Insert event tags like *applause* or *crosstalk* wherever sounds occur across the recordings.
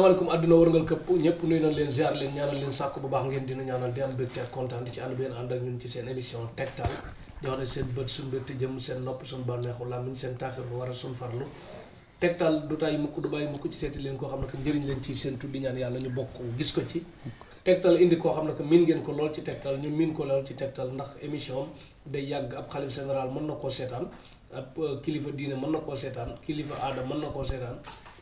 asalaamaaleykum àdduna wërngal ñëpp nuyu nañ leen ziar leen ñaanal leen sàkku bu baax ngeen seen leen koo xam ne que njëriñ leen ci seen tuddi ñaan yàlla ñu bokk gis ko ci tegtal indi koo xam ne que miin ngeen ko lool ci tegtal ñu miin ko lool ci tegtal ndax émission day yàgg ab xalif général mën na koo seetaan ab euh, kilifa diine mën na koo seetaan kilifa aada mën na koo seetaan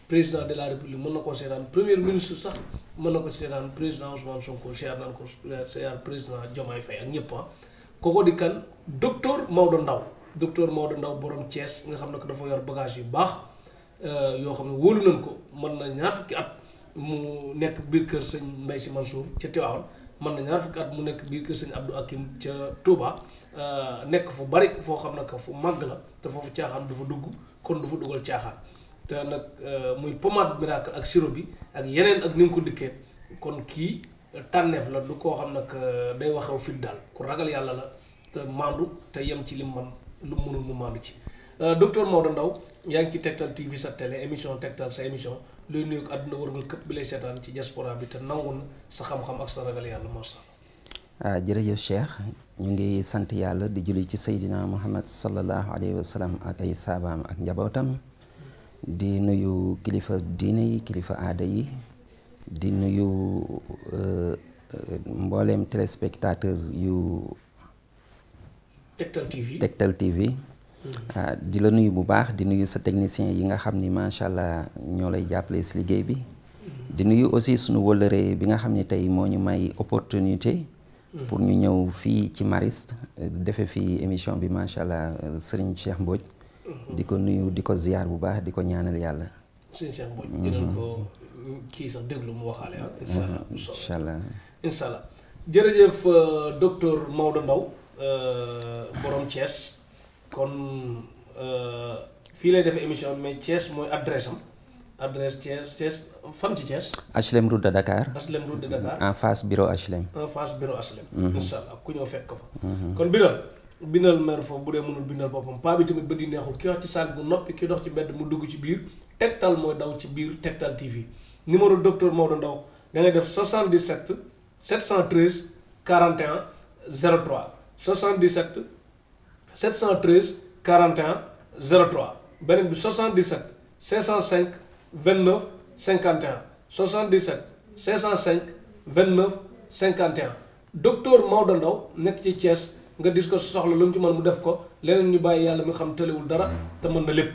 président de la république mën na koo seetaan premier ministre sax mën na ko seetaan président Ousmane Sonko seetaan ko seetaan président Diomaye Faye ak ñëpp ah. kooku di kan docteur Maodo Ndaw docteur Maodo Ndaw borom Thiès nga xam ne dafa yor bagage yu baax euh, yoo xam ne wóolu nañ ko mën na ñaar fukki at mu nekk biir kër sëñ Mbaye Sy Mansour ca Tivaouane mën na ñaar fukki at mu nekk biir kër sëñ Abdou Hakim ca Touba. Euh, nekk fu bari foo xam ne que fu màgg la te foofu caaxaan du fa dugg kon du fa dugal caaxaan. te nag euh, muy pommade miracle ak sirop bi ak yeneen ak ni mu ko dikkee kon kii euh, tànneef la du koo xam nag euh, day waxew fit daal ku ragal yàlla la te maandu te yem ci lim lu mënul mu maandu ci docteur Maodo ndaw yaa ngi ci Tektal TV sa télé émission Tektal sa émission luy nuyu ak àdduna wërngal këpp bi lay seetaan ci diaspora bi te nangu na sa xam-xam ak sa ragal yàlla macha allah. jërëjëf Cheikh ñu ngi sant yàlla di julli ci seydinaa Muhammad sallallahu alayhi wa ak ay di nuyu kilifa diine yi kilifa aada yi di nuyu euh, mboolem téléspectateur yu Tektal TV Tektal TV mm. ah, di la nuyu bu baax di nuyu sa technicien yi nga xam ni macha allah ñoo lay jàppale si liggéey bi mm. di nuyu aussi suñu wëllëree bi nga xam ni tey moo ñu may opportunité mm. pour ñu ñëw fii ci maris defe fii émission bi macha allah euh, Serigne Cheikh Mbodj di ko nuyu di ko ziyaar bu baax di ko ñaanal yàlla. suñu seex boo dinañ ko kii sax déglu mu waxaale ah. incha ah, allah incha allah jërëjëf euh, docteur Maodo Ndao euh, borom Thiès kon euh, fii lay def émission mais Thiès mooy adresse am adresse Thiès Thiès fan ci Thiès. HLM route de Dakar. HLM route en face bureau HLM. en face bureau HLM. Mhm. incha ku ñëw fekk fa. Mhm. kon Birame. bindal mer foofu bu dee mënul bindal boppam paa bi tamit ba di neexul ki wax ci saak bu noppi ki dox ci mbedd mu dugg ci biir Tektal mooy daw ci biir Tektal TV numéro docteur Maodo Ndao da ngay def 77 713 41 03 77 713 41 03 beneen bi 77 505 29 51 77 505 29 51 docteur Maodo Ndao nekk ci Thiès. nga dis ko soxla lu mu ci mën mu def ko leneen ñu bàyyi yàlla mi xam tëlewul dara hmm. te mën na lépp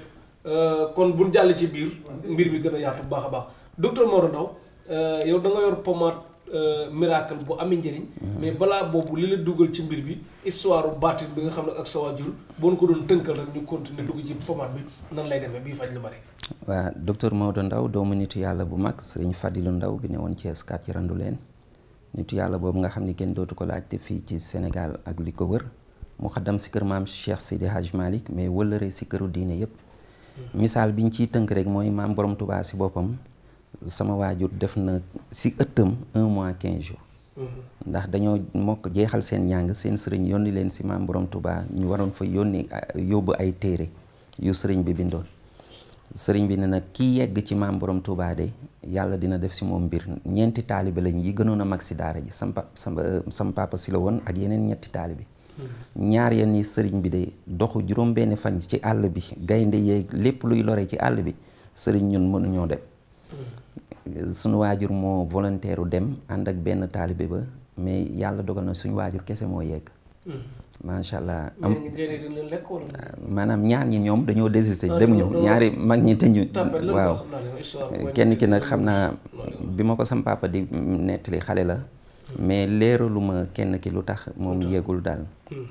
euh, kon bu jàll ci biir mbir mi gën a yaatu bu baax a baax docteur Maodo Ndao euh, yow da nga yor pommade euh, miracle bu amee njëriñ hmm. mais balaa boobu li la dugal ci mbir bi histoire baatin bi nga xam ne ak sa waajur ko doon tënkal ñu continuer dugg ci pommade bi nan lay demee bii faj lu bari waaw docteur Maodo Ndao doomu nitu yàlla bu mag sëriñ Fadilou ndaw bi ne woon Thiès kat ci randu leen nitu yàlla boobu nga xam ne kenn dootu ko laajte fii ci Sénégal ak li ko wër mu xaddam si kër maam Cheikh Sidi Hadj Malick mais wëllëree si këru diine yëpp. misaal biñ ciy tënk rek mooy maam borom Touba si boppam sama waajur def na si ëttam un mois quinze jours. ndax dañoo mokk jeexal seen njàng seen sëriñ yónni leen si maam borom Touba ñu waroon fa yónni yóbbu ay téere yu sëriñ bi bindoon. sëriñ bi ne nag kii yegg ci maam borom Touba de yàlla dina def si moom mbir ñeenti taalibe lañ yi gënoon a mag si daara ji sam pa euh, sam papa si la woon ak yeneen ñetti taalibe hmm. ñaar ya ni sëriñ bi de doxu juróom benn fan ci àll bi gaynde yeeg lépp luy lore ci àll bi sëriñ ñun mënuñoo dem hmm. suñu waajur moo volontaire dem ànd ak benn taalibe ba mais yàlla dogal na suñu waajur kese moo yegg hmm. macha allah ah, maanaam ñaar ñi ñoom dañoo désisté ah, demuñu ñaari mag ñi te ñu waaw kenn ki nag xam naa bi ma ko sampaapa di nettali xale la hmm. mais leeralu ma kenn ki lu tax moom yéegul daal hmm.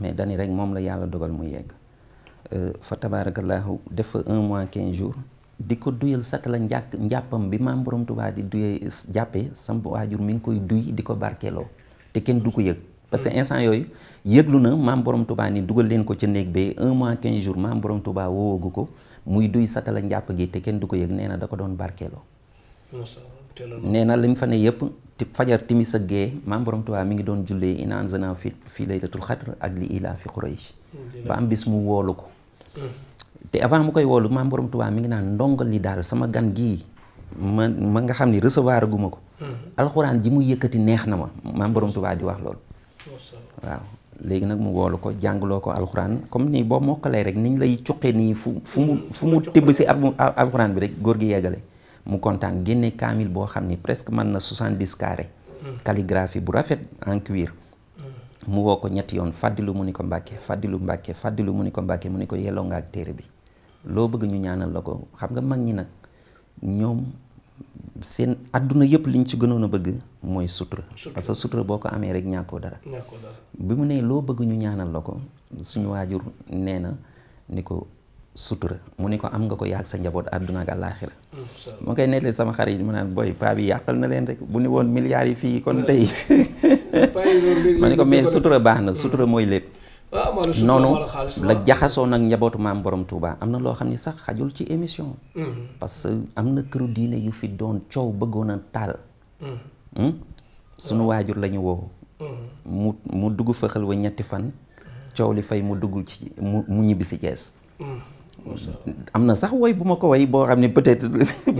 mais dani rek moom la yàlla dogal mu yegg euh, fa tabarakallahu defa un mois quinze jours di ko duyal sat la njàkk njàppam bi maam borom Tuubaa di duyee jàppee sam waajur mi ngi koy duy di ko barkeeloo te kenn du ko yëg parce que instant yooyu yëglu na maam borom Touba ni dugal leen ko ca néeg bee un mois quinze jours maam borom Touba woowagu ko muy duy satala njàpp gi te kenn du ko yëg nee na da ko doon barkeeloo. nee na lim fa ne yëpp fajar timis ak maam borom Touba mi ngi doon jullee in anzalnaahu fi fii laylatul xadr ak li ilaafi Quraysh ba am bis mu ko. Hmm. te avant mu mi ngi naan ndongal li daal sama gan gi ma ma nga xam ni recevoir guma ko. Hmm. alxuraan ji mu yëkkati neex na ma maam borom Touba di wax loolu. waaw léegi nag mu woolu ko jàngloo ko alxuraan comme nii boo mokkalee rek niñ lay cuqe nii fu fu mu fu mu tibb si ab alxuraan bi rek góor gi yeggale mu kontaan génne kaamil boo xam ni presque man na 70 carré hmm. calligraphie bu rafet en cuir hmm. mu woo ko ñetti yoon fàddilu mu ni ko mbàkke fàddilu mbàkke fàddilu mu ni ko mbàkke mu ni ko yelloo nga ak téere bi loo bëgg ñu ñaanal la ko xam nga mag ñi nag ñoom seen adduna yëpp liñ ci gënoon a bëgg mooy sutura parce que sutura boo ko amee rek ñàkkoo dara bi mu ne loo bëgg ñu ñaanal la ko suñu waajur nee na ni ko sutura mu ni ko am nga ko yaag sa njaboot àdduna ak àllaaxira moo koy nettali sama xarit mu naan booy paa bi yàqal na leen rek bu ni woon milliards yi fii kon tey *laughs* *laughs* ma ni ko mais sutura baax na hmm. sutura mooy lépp ah, noonu la jaxasoo nag njabootu maam borom tuubaa am na loo xam ne sax xajul ci émission hmm. parce que am na këru diine yu fi doon coow bëggoon a taal hmm. Hmm? sunu waajur la ñu woo. Hmm. mu mu dugg fa xel wa ñetti fan. Hmm. coow li fay mu dugg ci mu mu ñibbi si Thiès. am na sax woy bu ma ko woy boo xam ne peut *laughs*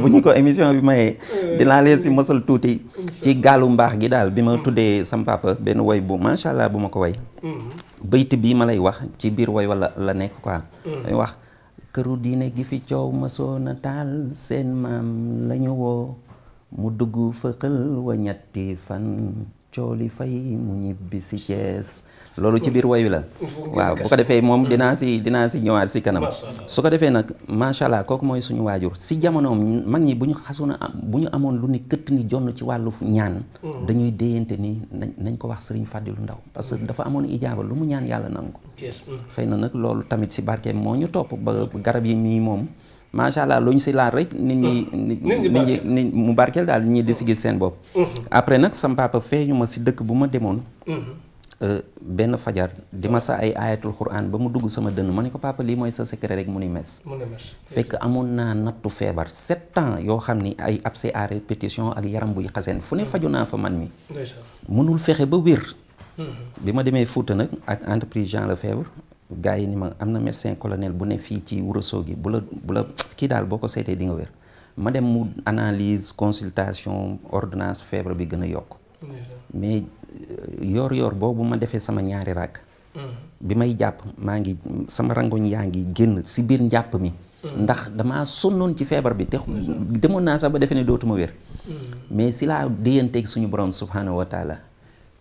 bu ñu ko émission bi mayee dinaa leen si mosal tuuti ci gaalu mbaax gi daal bi ma tuddee sam papa benn woy bu macha allah bu ma ko woy bayt bii ma lay wax ci biir woy wala la nekk quoi dañuy wax këru diine gi fi coow ma soona taal seen maam la woo mu dugg fëqal wa ñetti fan cooli fay mu ñibbi si Cees loolu ci biir wayu la waaw bu ko defee moom dinaa si dinaa si ñëwaat si kanam su ko defee nag macha allah kooku mooy suñu waajur si jamonoom mag ñi bu ñu xasoon a bu ñu amoon lu ni këtt ni jonn ci wàllu ñaan mm. dañuy déyante ni nañ ko wax sëriñ Fàddilu Ndaw parce que dafa amoon ijaaba lu mu ñaan yàlla nangu ko mm. xëy na nag loolu tamit si barke moo ñu topp ba garab yi nii moom macha allah lu ñu si laal rek. nit ñi nit ñi nit mu barkeel daal nit ñi di si gis seen bopp. Mm-hmm. après nag sam papa feeñu ma si dëkk bu ma demoon. Mm-hmm. Euh, benn fajar di ma sa ay ayatul quran ba mu dugg sama dënn ma ne ko papa lii mooy sa secret rek mu ni mes fekk amoon naa nattu feebar set ans yoo xam ni ay abcès à répétition ak yaram buy xaseen fu ne mm-hmm. faju naa fa man mi mënul fexe ba wér bi ma demee Fuuta nag ak entreprise Jean Lefebvre gars yi ni ma am na médecin colonel bu ne fii ci Ourossogui bu la bu la kii daal boo ko seetee di nga wér ma dem mu analyse consultation ordonnance feebar bi gën a yokk mais euh, yor yoor boobu ma defee sama ñaari rakk. Mm-hmm. bi may jàpp maa ngi sama rangoñ yaa ngi génn si biir njàpp mi. Mm-hmm. ndax damaa sonnoon ci feebar bi te demoon naa sax ba defe ne dootuma wér. Mm-hmm. mais si laa déyanteeg suñu borom subhanahu wa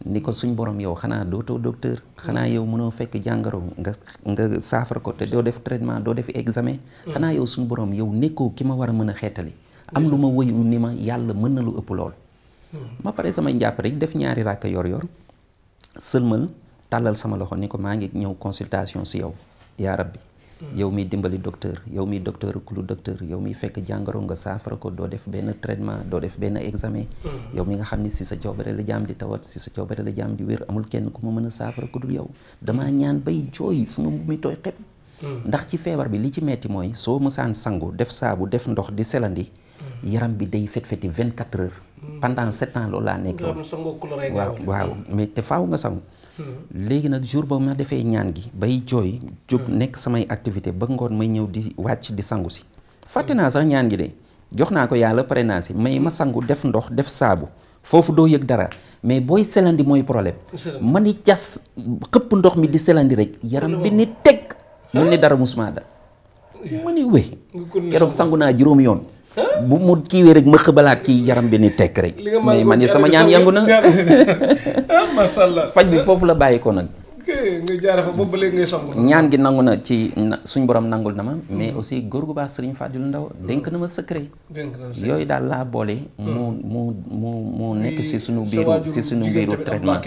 ni ko suñ borom yow xanaa dootoo docteur xanaa yow mënoo fekk jàngoro nga nga saafara ko te doo def traitement doo def examen mm. xanaa yow suñ boroom yow nekkoo ki ma war a mën a xetali am lu ma wëyu ni ma yàlla mën na lu ëpp lool mm. ma pare samay njàpp rek def ñaari ràkk yor yor sëlmal tàllal sama loxo ni ko maa ngi ñëw consultation si yow yaa bi yow miy dimbali docteur yow miy docteur ku lu docteur yow miy fekk jàngoro nga saafara ko doo def benn traitement doo def benn examen mm-hmm. yow mi nga xam ni si sa coobare la jaam di tawat si sa coobare la jaam di wér amul kenn ku ma mën a saafara ku dul yow damaa mm-hmm. ñaan bay jooy sama mbubb mi tooy xepp mm-hmm. ndax ci feebar bi li ci metti mooy soo mësaan sangu def saabu def ndox di selandi yaram bi day fet-feti vingt quatre heures pendant sept loolu laa nekk waaw léegi nag jour ba ma defee ñaan gi bay jooy jóg hmm. nekk samay activité ba ngoon may ñëw di wàcc di sangu si hmm. fàtte naa sax ñaan gi de jox naa ko yàlla pare naa si may ma sangu def ndox def saabu foofu doo yëg dara mais booy selandi mooy problème ma ni jas xëpp ndox mi di selandi rek yaram bi ni teg mel ni dara musuma da ma ni wéy keroog sangu naa juróom yoon bu mu kiiwee rek ma xëbalaat kii yaram bi ni tekk rek mais man sama ñaan yangu na *laughs* ah, faj bi foofu la bàyyi ko nag nga ñaan gi nangu na ci suñ borom nangul na ma. mais aussi góor gu baax Serigne Fadilou Ndaw dénk na ma secret. yooyu daal laa boole. mu hmm. mu mu mu nekk si suñu biiru si suñu biiru traitement.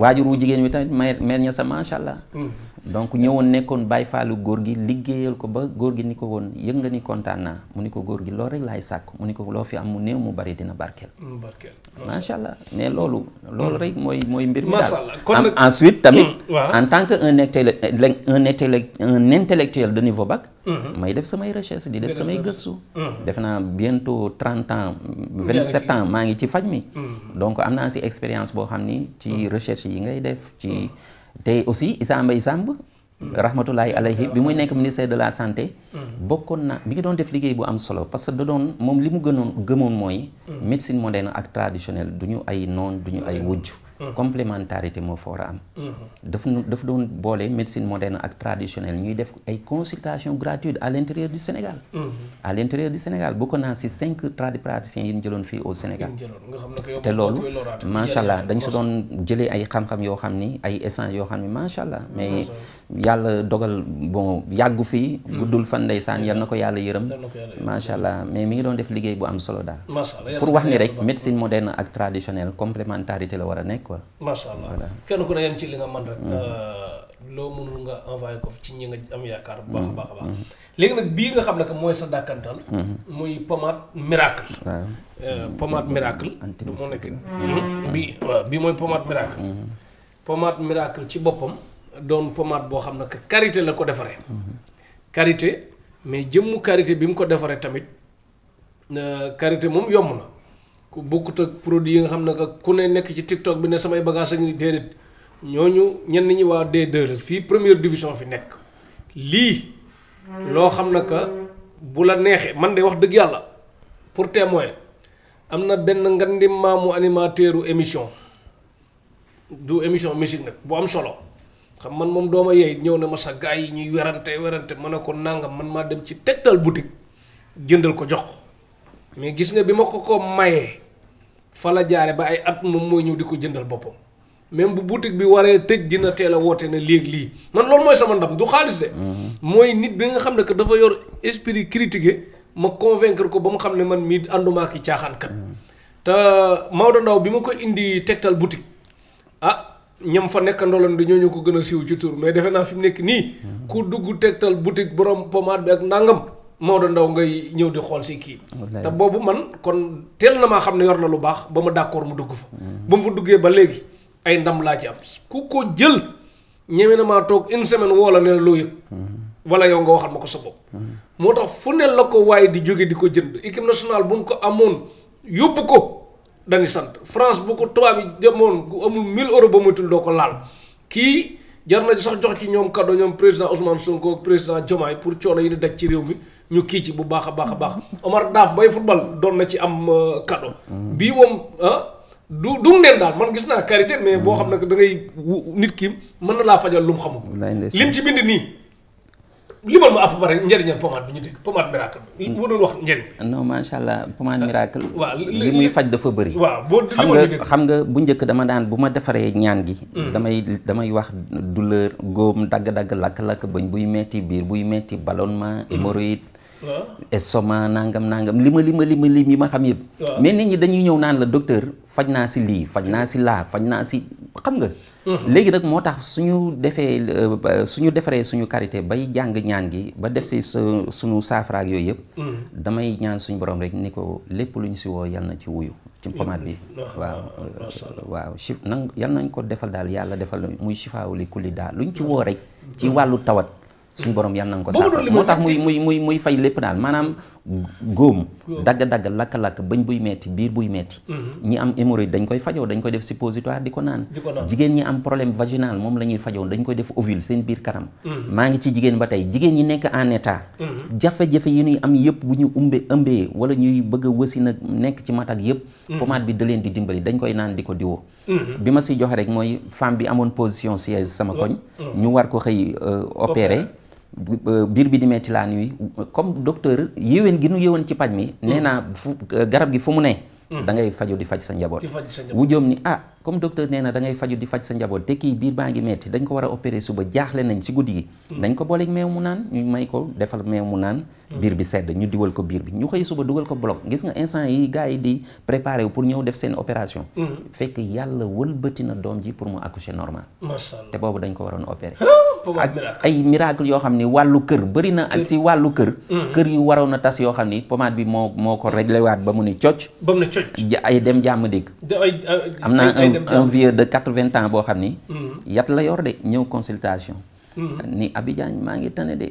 waajur wu jigéen wi tamit mère mère ña sa macha allah. Hmm. donc ñëwoon nekkoon bàyyi faalu góor gi liggéeyal ko ba góor gi ni ko woon yëg nga ni kontaan naa mu ni ko góor gi loolu rek laay sàkk mu ni ko loo fi am mu néew mu bari dina barkeel. barkeel macha allah mais loolu. loolu hmm. rek en tant que un intellec euh, intellectuel de niveau bac. Mhm. may def samay recherche di def samay gëstu. Mhm. def naa bientôt trente ans vingt sept ans maa ngi ci faj mi. Mhm. donc am naa si expérience boo xam ni ci recherche yi ngay def ci te aussi Issa Mbaye Samb. rahmatulahi alayhi bi muy nekk ministère de la santé. bokkoon na bi ngi doon def liggéey bu am solo parce que da doon moom li mu gënoon gëmoon mooy. médecine moderne ak traditionnelle du ñu ay noon du ñu ay wujj. Mm-hmm. complémentarité moo fa a am. Mm-hmm. daf daf doon boole médecine moderne ak traditionnelle ñuy def ay consultation gratuite à l' intérieur du Sénégal. Mm-hmm. à l' du Sénégal bokk naa si cinq tradipraticiens yi ñu jëloon fii au Sénégal. te loolu macha allah dañu si doon jëlee ay xam-xam yoo xam ni ay essence yoo xam ni macha allah mais. yàlla dogal bon yàggu fii hmm. guddul fan ndeysaan yal na ko yàlla yërëm macha allah mais mi ngi doon def liggéey bu am solo daal pour wax ni rek médecine moderne ak traditionnelle complémentarité la war a nekk quoi macha allah kenn ku hmm. euh, loo mënul nga envoyé ko ci ñi nga am yaakaar bu hmm. baax a baax a baax léegi nag bii nga xam ne que mooy sa dàkkantal muy pomade miracle waaw euh, pomade miracle moo nekk bi waaw bii mooy ci boppam doon pommade boo xam na que karité la ko defaree. karité mais jëmm karité bi mu ko defaree tamit euh, karité moom yomb na ku bokkut ak produit yi nga xam ne que ku ne nekk ci TikTok bi ne samay bagage ak ni déedéet ñooñu ñenn ñi waa D2 la fii première division fi nekk lii. loo xam ne que bu la neexee man de wax dëgg yàlla pour témoin am na benn ngan ngandim maamu animateuru émission du émission musique nag bu am solo. xam man moom dooma yeey ñëw na ma sa gars yi ñuy werante werante ma ne ko nangam man maa dem ci tegtal boutique jëndal ko jox mais gis nga bi ma ko ko mayee fala la jaare ba ay at moom mooy ñëw di ko jëndal boppam même bu boutique bi waree tëj dina teel a woote ne léegi lii man loolu mooy sama ndam du xaalis de. Mm-hmm. mooy nit bi nga xam ne que dafa yor esprit critiqué ma convaincre ko ba mu xam ne man mii ànduma ki caaxaan kat. Mm-hmm. te Maodo Ndaw bi ma ko indi tegtal boutique ah, ñam fa nekkandooloon di ñoo ñu ko gën a siiw ci tur mais defe naa fi mu nekk nii ku dugg tegtal boutique borom pommade bi ak nangam moo da ndaw ngay ñëw di xool si kii te boobu man kon teel na maa xam ne yor na lu baax ba ma d'accord mu dugg fa ba mu fa duggee ba léegi ay ndam laa ci am ku ko jël ñeme na maa toog une semaine woo la ne la loo yëg wala yow nga waxal ma ko sa bopp moo tax fu ne la ko waaye di jóge di ko jënd équipe nationale buñ ko amoon yóbbu ko dañuy sant France boo ko tubaab yi demoon gu amul 1000 euros ba moytul doo ko laal kii jar na sax jox ci ñoom kaddo ñoom président Ousmane Sonko ak président jomaay pour coono yi ni daj ci réew mi ñu kii ci bu baax a baax a baax Omar Daaf bay football doon na ci am cadeau. Euh, mm-hmm. bii moom ah du du neen daal man gis naa karité mais boo mm-hmm. xam ne da ngay nit kii mën na laa fajal lu mu xamul. lim ci bind nii. limal ma àpp bare njëriñal pommade bi ñu dégg pommade miracle. mu macha allah pommade ah, muy faj dafa bëri. xam nga xam nga bu njëkk dama daan bu ma defaree ñaan gi. Hmm. damay damay wax douleur góom dagg-dagg lakk-lakk bëñ buy metti biir buy metti ballonnement hmm. hémorroïde. waaw estomac nangam nangam li ma li ma li ma yi ma xam yëpp. mais nit ñi dañuy ñëw naan la docteur faj naa si lii faj naa si laa faj naa si xam nga. Mhm. léegi nag moo tax suñu defee euh, su ñu defaree suñu karité bay jàng ñaan gi ba def si su suñu saafaraak yooyu yëpp mhm. damay ñaan suñu borom rek ni ko lépp lu ñu si woo yal na ci wuyu ci bi mhm. ah, waaw euh, waaw chif nan nañ ko defal daal yàlla defal muy chifaawuli kulli daal lu ñu ci woo rek ci wàllu tawat suñu borom yal nañ ko saafara moo tax muy muy muy muy lépp daal maanaam góom dagg-dagg lakk-lakk bañ buy metti biir buy metti mhm. ñi am hémorroïde dañ koy fajoo dañ koy def suppositoire di ko naan jigéen ñi am problème vaginal moom la ñuy fajoo dañ koy def ovule seen biir karam mhm. maa ngi ci jigéen ba tey jigéen ñi nekk en état mhm. jafe-jafe yi ñuy am yëpp bu ñu umbe ëmbee wala ñuy bëgg a wësi nag nekk ci matak yëpp pommade bi da leen di dimbali dañ koy naan di ko diwoo bi ma si joxe rek mooy femme bi amoon position siège sama koñ ñu war ko xëy euh, opérer biir bi di metti la nuit comme docteur yéwén gi nu yéwén ci paj mi nee mm. naa fu garab gi fu mu ne Mm. da ngay faju di faj sa njaboot wu joom ni ah comme docteur nee na da ngay faju di faj sa njaboot te kii biir baa ngi metti dañ ko war a opérer suba jaaxle nañ ci guddi gi dañ mm. ko booleeg meew mu naan ñu may ko defal meew mu naan mm. biir bi sedd ñu diwal ko biir bi ñu xëy suba dugal ko bloc gis nga instant yi gars yi di préparé pour ñëw def seen opération fekk yàlla wëlbati na doom ji pour mu accoucher normal te boobu dañ ko waroon opérer ak ay miracle yoo a ay dem jàmm dégg. am naa un de quatre-vingts ans boo xam ni. Mm-hmm. yat la yor de ñëw consultation. Mm-hmm. ni Abidjan maa ngi tane de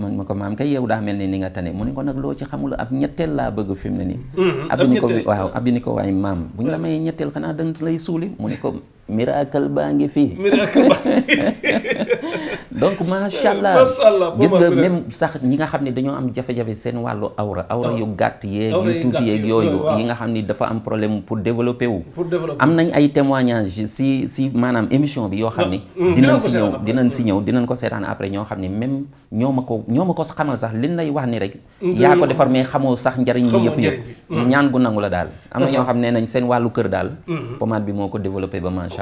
man ma ko maam kay yow daa mel ni ni nga tane mu ne ko nag loo ci xamul ab ñetteel laa bëgg fi mu ne nii. Mm-hmm. ab ñetteel waaw abi ni ko waaye maam bu ñu la mayee ñetteel xanaa danga lay suuli mu ne ko. miracle baa ngi fii *laughs* donc macha allah gis nga même sax ñi nga xam ne dañoo am jafe-jafe seen wàllu awra awra yu gàtt yeeg yu tuuti yeeg yooyu yi nga xam ni dafa am problème pour développer wu am nañ ay témoignages si si maanaam émission bi yoo xam ni mm, mm, dinañ si ñëw dinañ si ñëw dinañ ko seetaan après ñoo xam ni même ñoo ma ko ñoo ma ko xamal sax lin lay wax ni rek mm, yaa ko defar mais xamoo sax njariñ li yëpp yëpp ñaan gu nangu la daal am na *laughs* ñoo xam ne nañ seen wàllu kër daal mm-hmm. pomade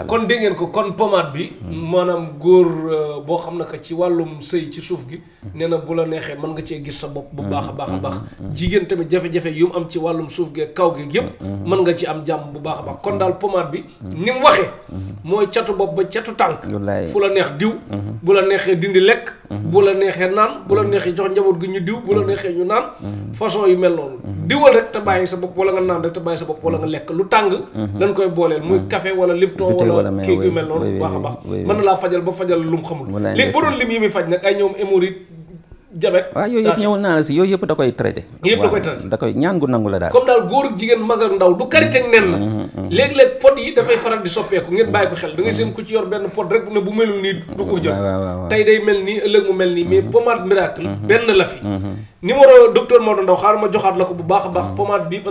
kon dégg ko kon pommade bi. maanaam góor euh, boo xam ne que ci wàllum sëy ci suuf gi. nee na bu la neexee mën nga cee gis sa bopp. bu mm-hmm. baax a baax a baax. Mm-hmm. Mm-hmm. jigéen tamit jafe-jafe yu mu am ci wàllum suuf gi kaw gi yëpp. mën nga ci am jàmm bu baax a baax kon daal pommade bi. ni mu waxee. mooy catu bopp ba catu tànk. fu la neex diw. bu la neexee dindi lekk. bu la neexee naan bu la neexee jox njaboot gi ñu diw bu la neexee ñu naan. façon yu mel noonu. diwal rek te bàyyi sa bopp wala nga naan rek te sa bopp wala nga lekk lu tàng. dañ koy booleel muy café wala lipton tëgg wala kii yu mel noonu baax a baax mën na laa fajal ba fajal lu mu xamul léegi bu doon lim yi muy faj nag ay ñoom hémorroïde jabet waaw yooyu yëpp ñëw naa si yooyu yëpp da koy traité yëpp da koy mm-hmm, mm-hmm. pot yi dafay faral di soppeeku ngeen bàyyi ko xel da mm-hmm. seen ku yor benn pot rek bu ne bu melul nii du jot tey day mel nii ëllëg mu mel nii mais pommade miracle benn la fi numéro docteur Maodo Ndaw xaaral ma joxaat la ko bu baax a baax pommade bii bu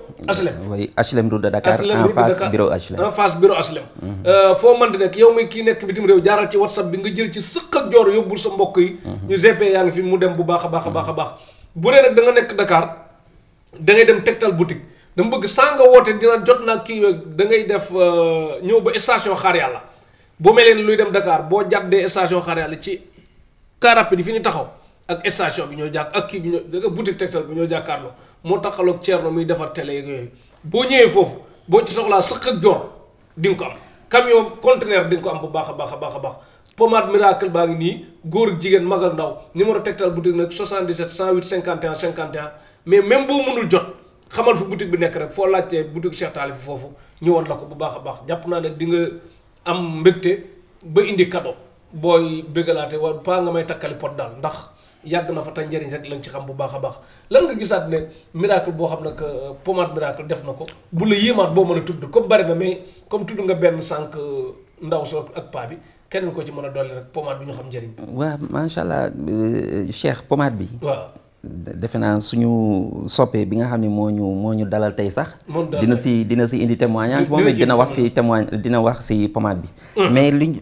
HLM euh, oui HLM route de Dakar. en face bureau HLM en face bureau HLM. foo mën di nekk yow mi kii nekk bitim réew jaaral ci whatsapp bi nga jël ci sëq ak joor yóbbul sa mbokk yi. Mhm. ñu GP yaa fi mu dem bu baax a baax a baax a mhm. baax. bu dee da nga nekk Dakar da ngay dem Tektal boutique dama bëgg saa nga woote dina jot naa kii da ngay def euh, ñëw ba station xaar yàlla boo mel leen luy dem dakaar boo jàddee station xaar yàlla ci car di fi ñu taxaw ak station bi ñoo jàkk ak kii bi ñoo boutique Tektal bi ñoo jàkkaarloo. moo taxaloog Thierno muy defar télé yeeg yooyu boo ñëwee foofu boo ci soxlaa sëq ak joor di ko am camion conteneur di nga ko am bu baax a baax a baax a baax pomade miracle baa ngi nii góor jigéen magal ak ndaw numéro Tektal boutique nag 77 108 51 51 mais même boo mënul jot xamal fu boutique bi nekk rek foo laajtee boutique Cheikh Talif foofu ñëwoon la ko bu baax a baax jàpp naa ne di nga am mbégte ba indi kado booy bégalaate waa paa nga may takkali pot daal ndax. yàgg na fa te njëriñ rek lañ ci xam bu baax a baax lan nga gisaat ne miracle boo xam ne que euh, pomade miracle def na ko bu la yéemaat boo mën a tudd comme bari ma mais comme tudd nga benn sànq euh, ndaw soo ak paa bi kenn ko ci mën a dolli rek pomade bi ñu xam njariñ waaw macha allah euh, Cheikh pomade bi. waaw. defe naa suñu soppee bi nga xam ne moo ñu moo ñu dalal tey sax dina si dina si indi témoignage moom it dina wax si témoigne dina wax si pomade bi mm. mais li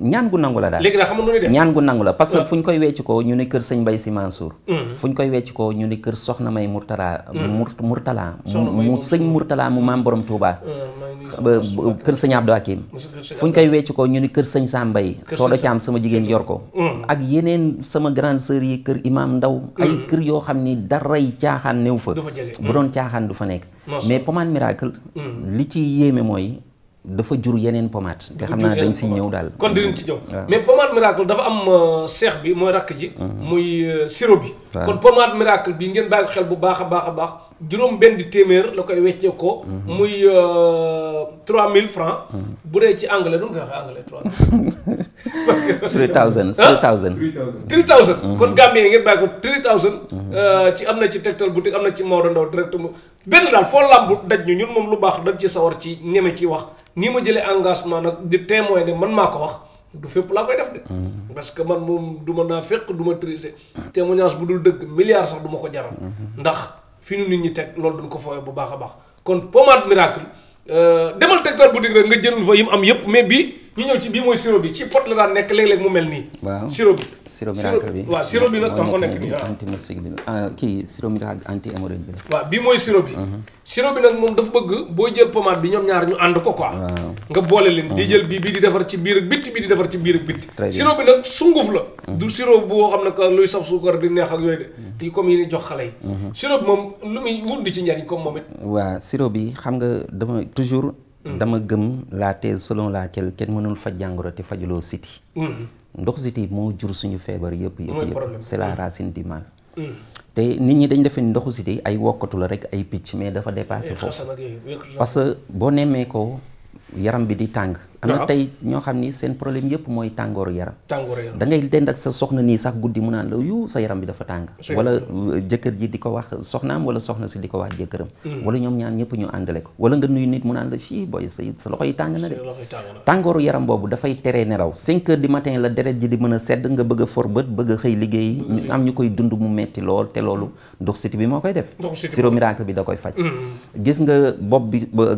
ñaan gu la daal léegi xam la parce que fu ñu koy wecc ñu ne kër sëñ Mbaye Sy Mansour mm-hmm. fu ñu koy wecc ko ñu ne kër soxna may Murtala mm-hmm. Murtala mu sëñ Murtala mu maam borom Touba mm, kër sëñ Abdou Hakim fu ñu koy wecc ko ñu ne kër sëñ Sam Mbaye soo da ci am sama jigéen yor ko mm. ak yeneen sama grande sœur kër imam Ndaw ay kër yoo xam ni daray caaxaan néew fa bu doon caaxaan du fa nekk mais pommade miracle mm. li ci yéeme mooy dafa jur yeneen pommade te xam naa dañ siy ñëw daal kon dinañ ci ñëw mais pommade miracle dafa am euh, seex bi mooy rakk ji mm-hmm. muy euh, sirop bi kon pommade miracle bi ngeen bàyyi xel bu baax a baax a baax juróom benn téeméer la koy weccee ko. Mhm. muy euh, mille francs mhm. bu dee ci anglais du nga koy waxee anglais 3000. 3000 3000. 3000 kon Gambie ngeen bàyyi ko 3000. Mhm. Euh, ci am na ci Tektal boutique am na ci Maodo Ndaw direct benn daal foo làmb daj ñu ñun moom lu baax dañ ci sawar ci ñeme ci wax nii ma jëlee engagement nag di témoin ne man maa ko wax. du fépp laa koy def de. parce que man moom du ma naa fekk du ma tricher. témoignage bu dul dëgg milliard sax ko jaral. ndax. fi nu nit ñi teg loolu duñ ko fooye bu baax a baax kon pommade miracle euh, demal Tektal boutique rek nga jël fa yim am yépp mais bi ñu ñëw ci bii mooy sirop bi ci pot la daan nekk léeg-léeg mu mel nii. sirop bi sirop miracle bi waaw sirop bi nag moo nekk ah, kii sirop miracle anti hémorroïde bi bii mooy sirop bi. Mhm. sirop bi nag moom dafa bëgg boo jël pommade bi ñoom ñaar ñu ànd ko quoi. nga boole leen. di mhm. jël bii bii di defar ci biir ak bitti bii di defar ci biir ak bitti. sirop bi nag sunguf la. Mhm. du sirop boo xam ne que luy saf suukar di neex ak yooy de. comme yi ni jox xale yi. sirop moom lu muy wund ci njariñ comme moom it. waaw sirop bi xam nga dama toujours Mm. dama gëm la thèse selon laquelle kenn mënul faj jàngoro te fajuloo siti mm. ndox siti moo jur suñu feebar yëpp yëpp yëpp c'est la mm. racine du mal te nit ñi dañ defe ni ndoxu siti ay wokkatu la rek ay picc mais dafa dépassé eh, foofu parce que boo nemmee ko yaram bi di tàng. am na tey ñoo xam ni seen problème yëpp mooy tàngooru yaram. tàngooru da ngay dend ak sa soxna nii sax guddi mu naan la yu sa yaram bi dafa tàng. wala euh, jëkkër ji di ko wax soxnaam wala soxna si di ko wax jëkkëram. Mm. wala ñoom ñaan ñëpp ñu àndale ko. wala nga nuyu nit mu naan la si booy sa sa loxo yi tàng na de. tàngooru yaram boobu dafay tere nelaw. 5 heures du matin la deret ji di mën a sedd nga bëgg a for a xëy liggéey. Mm-hmm. ñu am ñu koy dund mu mm-hmm. bi moo koy def. sirop miracle bi da koy faj. Mm-hmm. gis nga bopp bi boo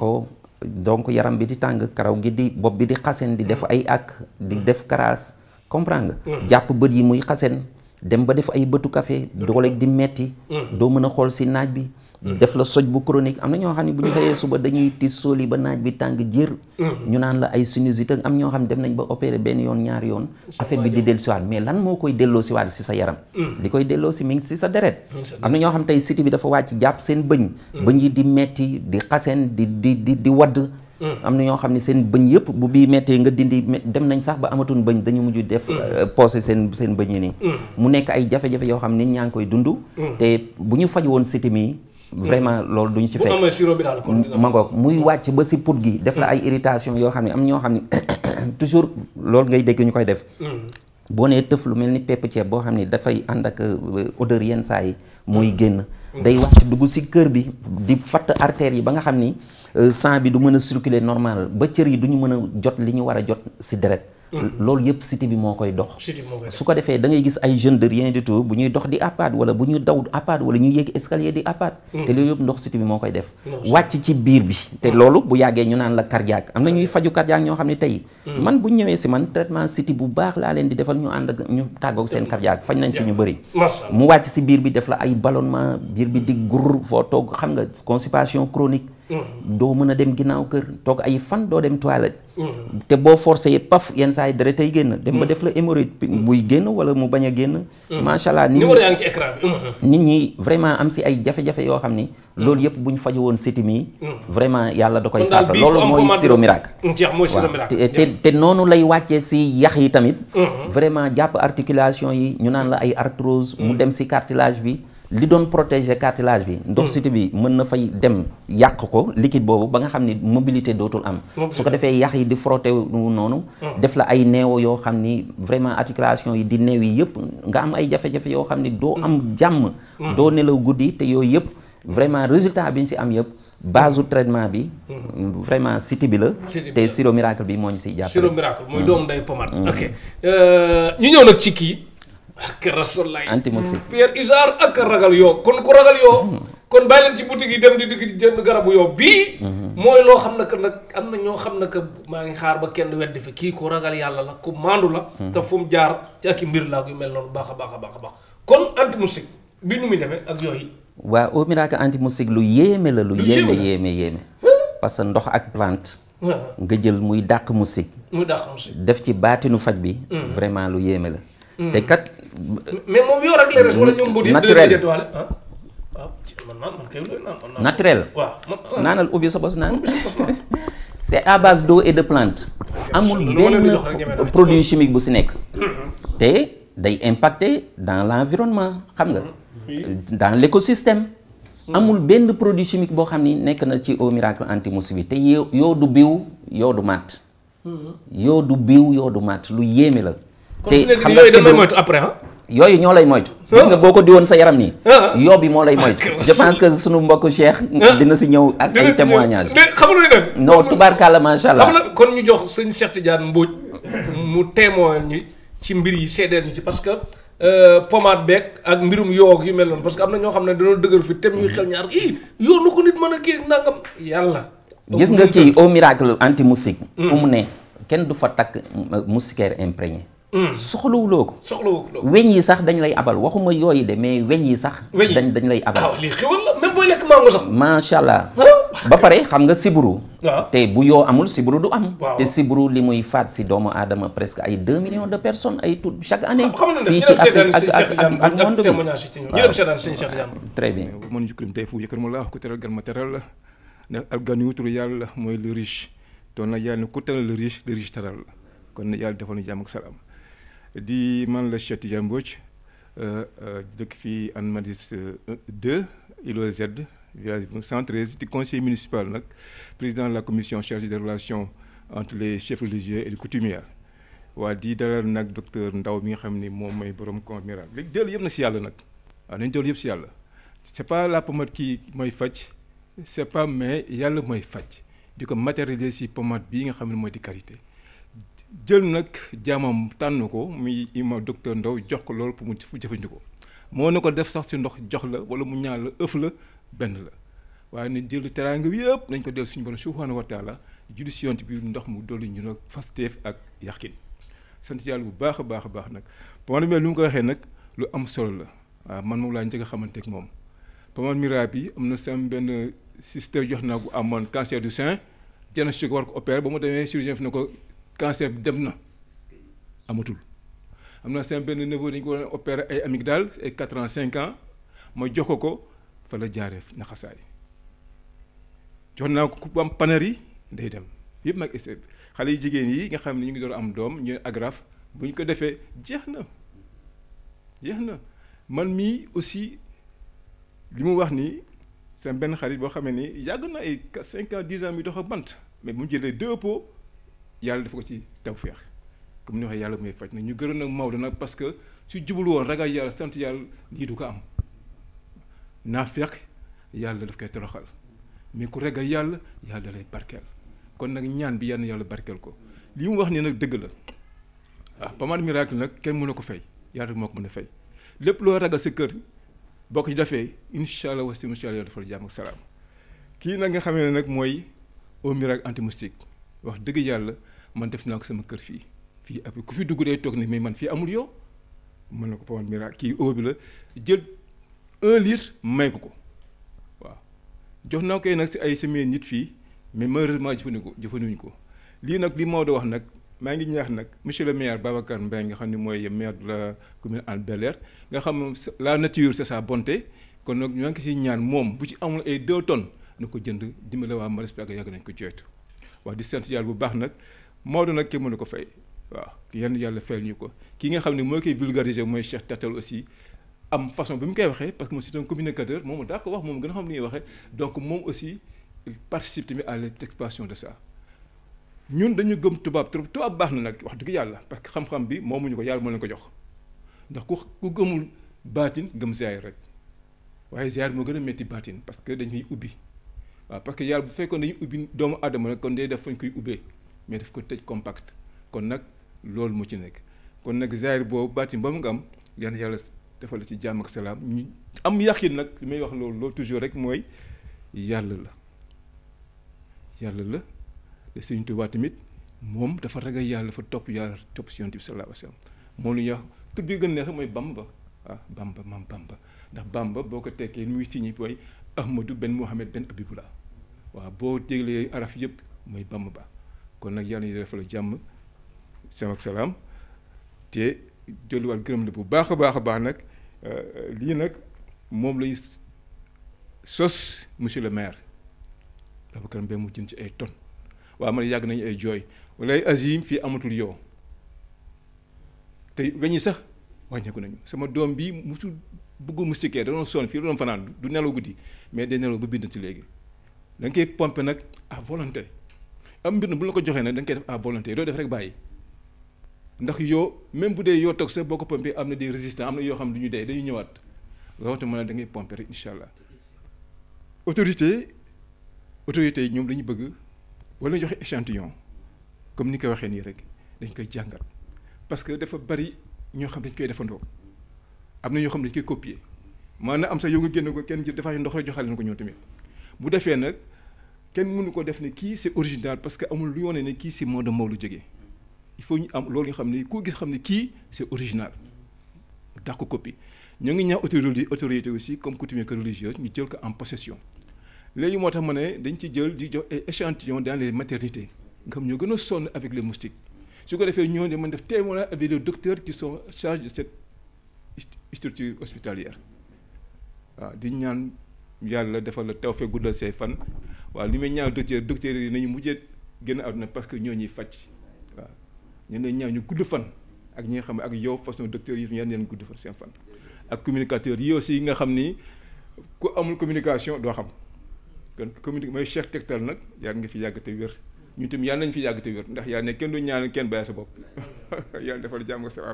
ko donc yaram bi di tàng karaw gi di bopp bi di xasen di def ay ak di def karaas comprendre nga mm-hmm. jàpp bët yi muy xasen dem ba def ay bëtu café doole di metti mm-hmm. doo mën a xool si naaj bi Mm. def la soj bu chronique am na ñoo xam ne bu ñu xëyee suba dañuy tis ba naaj bi tàng jër mm. ñu naan la ay sinusite am ñoo xam ne dem nañ ba opéré benn yoon ñaari yoon affaire bi di dellu siwaat mais lan moo koy delloo siwaat si sa yaram mm. li koy delloo si mi si sa deret am na ñoo xam tey siti bi dafa wàcc jàpp seen bëñ bëñ yi di metti di xaseen di di di di wadd na ñoo xam ne seen bëñ yëpp bu bii méttee nga dindi dem nañ sax ba amatuñ bëñ dañu mujj def euh, poosé seen seen bëñ yi mu nekk ay jafe-jafe yoo xam ne nit ñaa ngi koy dund te bu ñu faj woon siti mi vraiment loolu duñu ci fekk ma ngoog muy wàcc ba si put gi def la ay irritation yoo xam ne am ñoo xam ne *coughs* toujours loolu ngay dégg ñu koy def hmm. boo nee tëf lu mel ni pepp ceeb boo xam ne dafay ànd ak euh, odeur yenn saa yi mooy hmm. génn hmm. day wàcc dugg si kër bi di fatt artères yi ba nga xam ni euh, sang bi du mën a circuler normal ba cër yi du ñu mën a jot li ñu war a jot si deret loolu yëpp cité bi moo koy dox su ko defee da gis ay jeunes de rien du bu ñuy dox di appaat wala bu ñuy daw appaat wala ñuy yéeg escalier di appaat mm. te loolu yëpp ndox cité bi moo koy def wàcc ci biir bi te mm. loolu bu yàggee ñu naan la cardiaque am na ñuy mm. faju cardiaque ñoo xam ne tey man bu ñëwee si man traitement cité bu baax laa leen di defal ñu ànd ñu tàggoog seen cardiaque fañ nañ si ñu bëri mu wàcc si biir bi def la ay ballonnement biir bi Mm-hmm. doo mën a dem ginnaaw kër toog ay fan doo dem toilette. Mm-hmm. te boo forcé yi paf yenn saa yi deret ay génn. dem ba mm-hmm. def la hémorroïde buy génn wala mu bañ a génn. macha allah nit ñi ci am si ay jafe-jafe yoo xam ni. loolu yëpp bu ñu faje woon sétim yi. vraiment yàlla da koy saafara loolu mooy sirop miracle. Mm, te noonu lay wàccee si yax yi tamit. vraiment jàpp articulation yi ñu naan la ay arthrose. mu dem si cartilage bi. li doon protéger cartilage bi. ndoxité hmm. bi mën na fay dem yàq ko liquide boobu ba nga xam ni mobilité dootul am. su ko defee yax yi di frotté wu noonu. Hmm. def la ay néew yoo xam ni vraiment articulation yi di néew yi yëpp nga am ay jafe-jafe yoo xam ni doo am hmm. jàmm. doo nelaw guddi te yooyu yëpp vraiment résultat bi ñu si am yëpp. base traitement bi. vraiment cité bi la. te sirop miracle bi moo ñu si jàppale. Euh, ñu ñëw nag ci kii. ak rasulaay anti musik mm. Pierre Isaar ak ragal yoo kon ku ragal yoo mm-hmm. kon bàyyi leen ci boutique yi dem di di jënd garabu yoo bii mm-hmm. mooy loo xam ne que nag am na ñoo xam ne que maa ngi xaar ba kenn weddi fi kii ku ragal yàlla la ku maandu la mm-hmm. te fu jaar ci ak mbir laa yu mel noonu baax a baax a baax a kon anti musik bi nu muy demee ak yooyu waaw au miracle anti lu yéeme la lu yéeme yéeme yéeme parce que ndox ak plante nga jël muy dàq musik muy dàq musik def ci baatinu faj bi vraiment mais moom yor ak les naturel naanal ubbi sa naan. *laughs* c' à base d' et de plante. amul benn produit chimique bu si nekk. Mhm. te day impacte dans l' environnement xam nga. dans l' écosystème. Mhm. amul benn produit chimique boo xam ni nekk na ci eau miracle anti mousse bi te yow yoo du biw yoo du màtt. Mhm. yoo du biw yoo du màtt lu yéeme la. te xam nga moytu après ah? yooyu ñoo lay moytu ah. gis nga boo ko diwoon sa yaram nii ah. yoo bi moo lay moytu *laughs* je pense que mbokk Cheikh dina si ñëw ak ay témoignage xamul ne def non tubaarkàlla macha allah xam ñu jox sëñ Cheikh Tidiane Mbodj mu témoigne ñu ci mbir yi seedeel ñu ci parce que euh, pomade beeg ak mbirum yoo yu mel noonu parce que am na ñoo xam ne dañoo dëgër fi tem ñuy xel ñaar ii yoo nu ko nit mën a gis nga kii au miracle anti moustique fu mu hmm. ne kenn du fa takk moustiquaire imprégné Hmm. soxlawuloo ko. soxlawuloo ko weñ yi sax dañ lay abal waxuma yooyu de mais weñ yi sax. dañ dañ lay abal. waaw ah, lii xewal la macha allah. Ah. ba pare xam nga siburu. Ah. te bu yoo amul siburu du am. te siburu li muy faat si doomu aadama presque ay 2 millions de personnes ay tout chaque année. fii ci Afrique ak ak ak ak monde bi très bien. Eh, man jukkurim tey fu yëkkër la gan ma teral la ndax alganiyu turu yàlla mooy le riche doon na yàlla ne ku teral le riche le riche teral la kon yàlla defal ñu jàmm ak salaam di man la Cheikh Tidiane Mbodj euh, euh, dëkk fii Hann Maristes 2 îlot Z village 113 di conseiller municipal nag président de la commission chargée des relation entre les chefs religieux et les coutumiers waa di dalal nag docteur Ndaw mi nga xam ne moom mooy borom Kombirane léegi dellu yëpp na si yàlla nag waaw nañ dellu yëpp si yàlla c'est pas la pomat kii mooy faj c'est pas mais yàlla mooy faj di ko matérialiser si pommade bii nga xam ne mooy di karité jël nag jaamam tànn ko muy ima docteur Ndaw jox ko loolu pour mu jëfandikoo moo ne ko def sax si ndox jox la wala mu ñaar la ëf la benn la waaye ne jël teraanga bi yëpp nañ ko del suñu borom subhaanahu wa taala julli si yonent bi ndox mu dolli ñu nag fasteef ak yaqin sant yàlla bu baax a baax a baax nag Pape Malick lu mu ko waxee nag lu am solo la waaw man moom laa njëkk a xamante ak moom Pape Malick bi am na sam benn système jox naa bu amoon cancer du sein diagnostic ko war ko opérer ba mu demee chirurgien fi ne ko cancer bi dem na amatul am na seen benn niveau dañu ko war a opérer ay amygdale ay quatre ans cinq ans ma jox ko ko fa la jaaree naxasaay jox naa ko ku am panar yi day dem yëpp nag xale yu jigéen yi nga xam ne ñu ngi doon am doom ñu agrafe bu ñu ko defee jeex na jeex na man mii aussi li mu wax nii seen benn xarit boo xam ne ni yàgg na ay cinq ans dix ans mi dox ak bant mais mu jëlee deux pots. yàlla dafa ko ci tawféex comme ni wax yàlla may faj nag ñu gërëm nag Maodo nag parce que su jubul woon ragal yàlla sant yàlla lii du ko am naafeq yàlla daf koy toroxal mais ku ragal yàlla yàlla lay barkeel kon nag ñaan bi yenn yàlla barkeel ko li mu wax nii nag dëgg la ah pommade miracle nag kenn mënu ko fay yàlla moo ko mën a lépp loo ragal sa kër boo ko ci defee incha allah wasi incha allah yàlla jàmm ak salaam kii nag nga xamee ne nag mooy au miracle anti moustique wax dëgg yàlla man def naa ko sama kër fii fii après ku fi dugg day toog ne mais man fii amul yow mën na ko pawan miracle kii eau la jël un litre may ko ko waaw jox naa koy nag si ay semaine nit fii mais malheureusement jëfandikoo jëfandikuñ ko lii nag li Maodo wax nag maa ngi ñaax nag monsieur le maire Babacar Mbaye nga xam ne mooy maire de commune Hann Bel-Air nga xam la nature c'est sa bonté kon nag ñoo ngi ko ñaan moom bu ci amul ay deux tonnes na ko jënd dimbale waa Maristes ak yàgg nañ ko joytu wax di sant yàlla bu baax nag Maodo nag kenn mënu ko fay waaw yenn yàlla fayal ñu ko kii nga xam ne mooy koy vulgariser mooy Cheikh Tatal aussi am façon bi mu koy waxee parce que moom c'est un communicateur moom daa ko wax moom gën a xam ni ñuy waxee donc moom aussi il participe tamit à l'expression de saa ñun dañu gëm tubaab trop tubaab baax na nag wax dëgg yàlla parce que xam-xam bi moomuñu ko yàlla moo leen ko jox ndax ku ku gëmul baatin gëm ziyaar rek waaye ziyaar moo gën a metti baatin parce que dañuy ubbi waaw parce que yàlla bu fekkoon dañu ubbi doomu aadama rek kon day def fañ koy ubbee mais daf ko tëj compact kon nag loolu moo ci nekk kon nag genre boobu baati ba mu nga am yan yàlla defal la ci jàmm ak salaam ñu am nag may wax loolu loolu toujours rek mooy yàlla la yàlla la te tamit moom dafa ragal yàlla fa topp yàlla topp si yonent bi sallallahu alayhi wasallam moom lu ñuy wax tur bi gën neex rek mooy Bamba ah Bamba maam Bamba ndax ba boo ko tekkee muy signi booy Ahmadou benn Mouhamed benn Abibullah waaw boo déglee araf yëpp mooy Bamba ba kon nag yàlla ñu defal jàmm sama ak salaam te dolliwaat gërëm la bu baax a baax a baax nag euh, lii nag moom lay sos monsieur le maire Babacar Mbaye mu jën ci ay ton waaw man yàgg nañu ay jooy wala ay azim fii amatul yow te weñi sax wàññeeku nañu sama doom bi musul bëggu moustiquaire da doon sonn fii la doon fanaan du nelaw guddi mais day nelaw bu bind ci léegi da nga koy pomper nag à volonté am mbind bu la ko joxee nag da koy def à volonté doo def rek bàyyi ndax yoo même bu dee yoo toog sax boo ko pomper am na des résistants am na yoo xam ne du ñu dee dañuy ñëwaat rawatina mën a da ngay pomper rek incha allah autorité autorité yi ñoom dañu bëgg wala joxe échantillon comme ni koy waxee nii rek dañ koy jàngat parce que dafa bari ñoo xam dañ koy defandoo. am na ñoo xam ne kii copier maanaa am sax yow nga génn ko kenn jël defaa ndox rek joxal leen ko ñoo tamit bu defee nag kenn mënu ko def ne kii c'est original parce que amul lu yoone ne kii si Maodo Maodo jógee il faut ñu am loolu nga xam ne ko gis xam ne kii c'est original daa ko copie ñoo ngi ñaaw autorité autorité aussi comme coutumier que religieuse ñu jël ko en possession léegi moo tax ma ne dañ ci jël di jox ay échantillon dans les maternités nga xam ñoo gën sonn avec les su ko defee ñoo ne def témoin avec les docteurs qui sont chargés de structure hospitalière waaw di ñaan yàlla defal la tawfeex guddal say fan waaw li may ñaaw docteur docteur yi nañu mujjee génn àdduna parce que ñoo ñuy faj waaw ñu ne ñaaw ñu gudd fan ak ñi nga xam ne ak yow façon docteur yi ñaan leen gudd fan seen fan ak communicateur yi aussi nga xam ni ku amul communication doo xam kon communique mooy Cheikh Tektal nag yaa ngi fi yàgg te wér ñu tam yàlla nañ fi yàgg te wér ndax yaa ne kenn du ñaan kenn bàyyi sa bopp *laughs* yàlla defal jàmm ak sa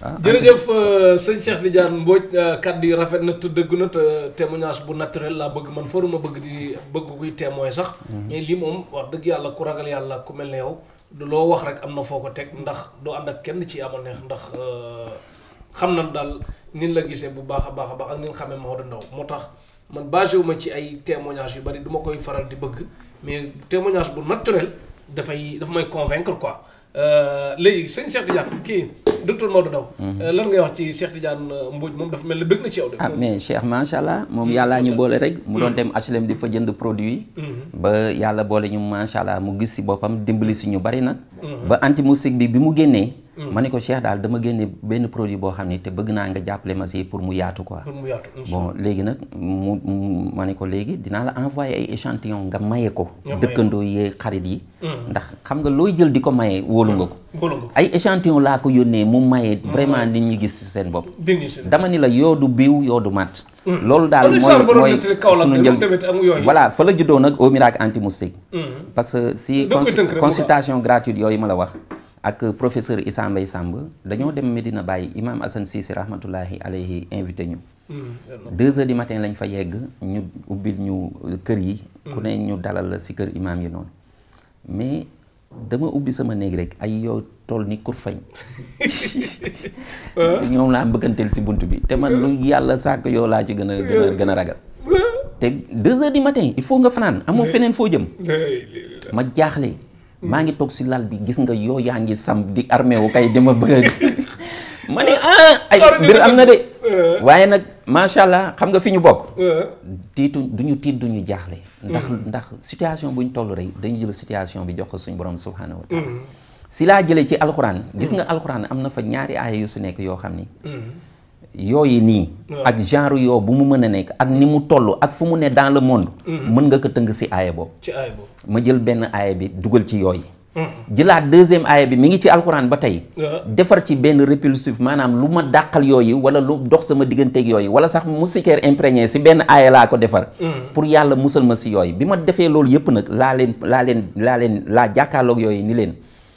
Ah, jërëjëf euh, sëñ Cheikh Tidiane mbooj euh, kàddu yi rafet na te dëgg na te témoignage bu naturel laa bëgg man faruma bëgg di bëgg kuy témoin sax mhm. mais lii moom wax dëgg yàlla ku ragal yàlla ku mel ne yow loo wax rek am na foo ko teg ndax doo ànd ak kenn ci amal neex ndax euh, xam na daal nin la gisee bu baax a baax a baax ak nin xamee Maodo Ndao moo tax man basé wu ci ay témoignage yu bari duma koy faral di bëgg mais témoignage bu naturel dafay dafa may convaincre quoi Euh, léegi sëñ Cheikh Tidiane kii docteur Maodo Ndao mhm. euh, lan ngay wax ci Cheikh Tidiane euh, Mbodj moom dafa mel ni bëgg na ci yow de. ah mais Cheikh macha allah moom mhm. yàllaa ñu mhm. boole rek. mu doon dem HLM di fa jënd produit ba yàlla boole ñu macha allah mu gis si boppam dimbali si ñu bari nag. ba anti musique bi bi mu génnee. Mm. ma ko Cheikh daal dama génne benn produit boo xam ne te bëgg naa nga jàppale ma si pour mu yaatu quoi. léegi nag mu ma ni ko léegi dinaa la envoyé ay échantillon nga maye ko. dëkkandoo yee xarit yi. Mm. ndax xam nga looy jël di ko maye wóolu nga ko. Mm. ay échantillon laa ko yónnee mu maye vraiment nit ñi gis seen bopp. dama ni la yoodu biiw yoodu mat. loolu daal mooy mooy sunu njël voilà fa la juddoo nag au miracle anti moustique. parce que si consultation gratuite yooyu ma wax. ak professeur Issa Mbaye Samb dañoo dem Medina Baye imam Assane Cissé rahmatullahi alayhi invité ñu. Mm. deux heures du matin lañ fa yegg ñu ubbil ñu kër yi. ku mm. ne ñu dalal si kër imam yi noonu. mais dama ubbi sama néeg rek ay yow tool ni kurfañ. Ah. ñoom laa mbëgganteel si bunt bi te man lu yàlla sàkk yow laa ci gën a gën a ah. gën ragal. te deux heures du matin il faut nga fanaan amoo feneen foo jëm. ma jaaxle. maa ngi toog si lal bi gis nga yoo yaa ngi sam di armé wu kay dama bëgg *laughs* ma ne ah ay mbir am na de eh. waaye nag macha allah xam nga fi ñu bokk eh. tiitu du ñu tiit du ñu jaaxle mm. ndax ndax situation bu ñu toll rek dañu jël situation bi jox ko suñu borom subhanahu wa taala mm. si laa jëlee ci alxuraan gis mm. nga alxuraan am na fa ñaari aaya yu si nekk yoo xam ni yooyu nii. ak genre yoo bu mu mën a nekk ak ni mu toll ak fu mu ne dans le monde. Mm-hmm. mën nga ko tëng si aaya boobu. ci ma jël benn aaya bi dugal ci yooyu. Mm-hmm. jëlaat deuxième aaya bi mi ngi ci alxuraan ba tey. defar ci benn répulsif maanaam lu ma dàqal yooyu wala lu dox sama digganteeg yooyu wala sax moustiquaire imprégné si benn aaya laa ko defar. Mm-hmm. pour yàlla musal ma si yooyu bi ma defee loolu yëpp nag laa leen laa leen laa leen laa jàkkaarloog yooyu ni leen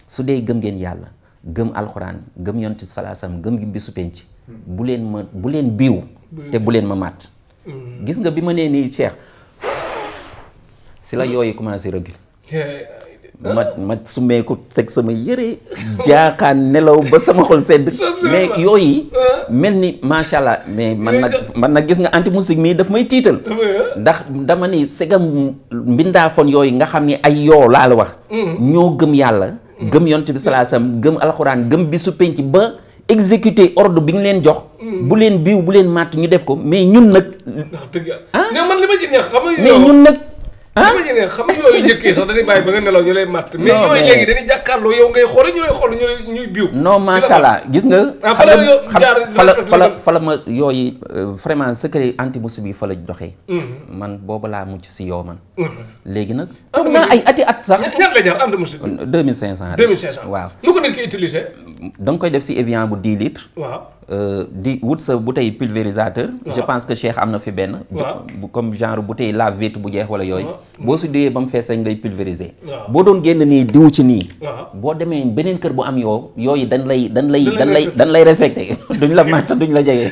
su dee gëm ngeen yàlla gëm alxuraan gëm yonti salaasam gëm bisu penc. bu leen ma bu leen biiw te bu leen ma màtt mm. gis nga bi ma nee nii Cheikh si la mm. yooyu commencé reculer ma ah. ma summeeku teg sama yëre jaaxaan nelaw ba sama xol sedd *laughs* mais yooyu ah. mel ni macha allah mais man nag man nag gis nga anti musique mii daf may tiital ah, ndax dama ni segam mbindaafoon yooyu nga xam ni ay yoo laa la wax mm. ñoo gëm yàlla gëm yonent bi salaasam gëm alxuraan gëm bi su penc ba executé ordre bi nga leen jox. Hmm. bu leen biiw bu leen màtt ñu def ko mais ñun nag. ah mais ñun nag. ah dama xam nga yooyu njëkk yi sax dañuy bàyyi ba nga nelaw ñu lay matt. mais yooyu léegi dañuy jàkkaarloo yow ngay xool ñu lay xool ñu lay ñuy biw. non macha gis nga. ah fa la yow jaar fa la ma yooyu euh, vraiment secret anti-mousse bi fa la doxee. Mhm. man boobu laa mujj si yow man. Mhm. léegi nag. toog ah, naa ay ati at sax. ñaata lay jaar anti-mousse bi. 2500. 2500 waaw. nu ko nit ki utiliser. koy def si Evian bu 10 litres. Euh, di wut sa bouteille pulvérisateur. je pense que Cheikh am na fi benn. comme genre bouteille lave-vite bu jeex wala yooyu. boo su diwee ba mu fees ngay pulvériser. boo doon génn nii diw ci nii. boo demee beneen kër bu am yoo yooyu dañ lay dañ lay dañ lay dañ lay respecté *laughs* duñ la màtt duñ la jege.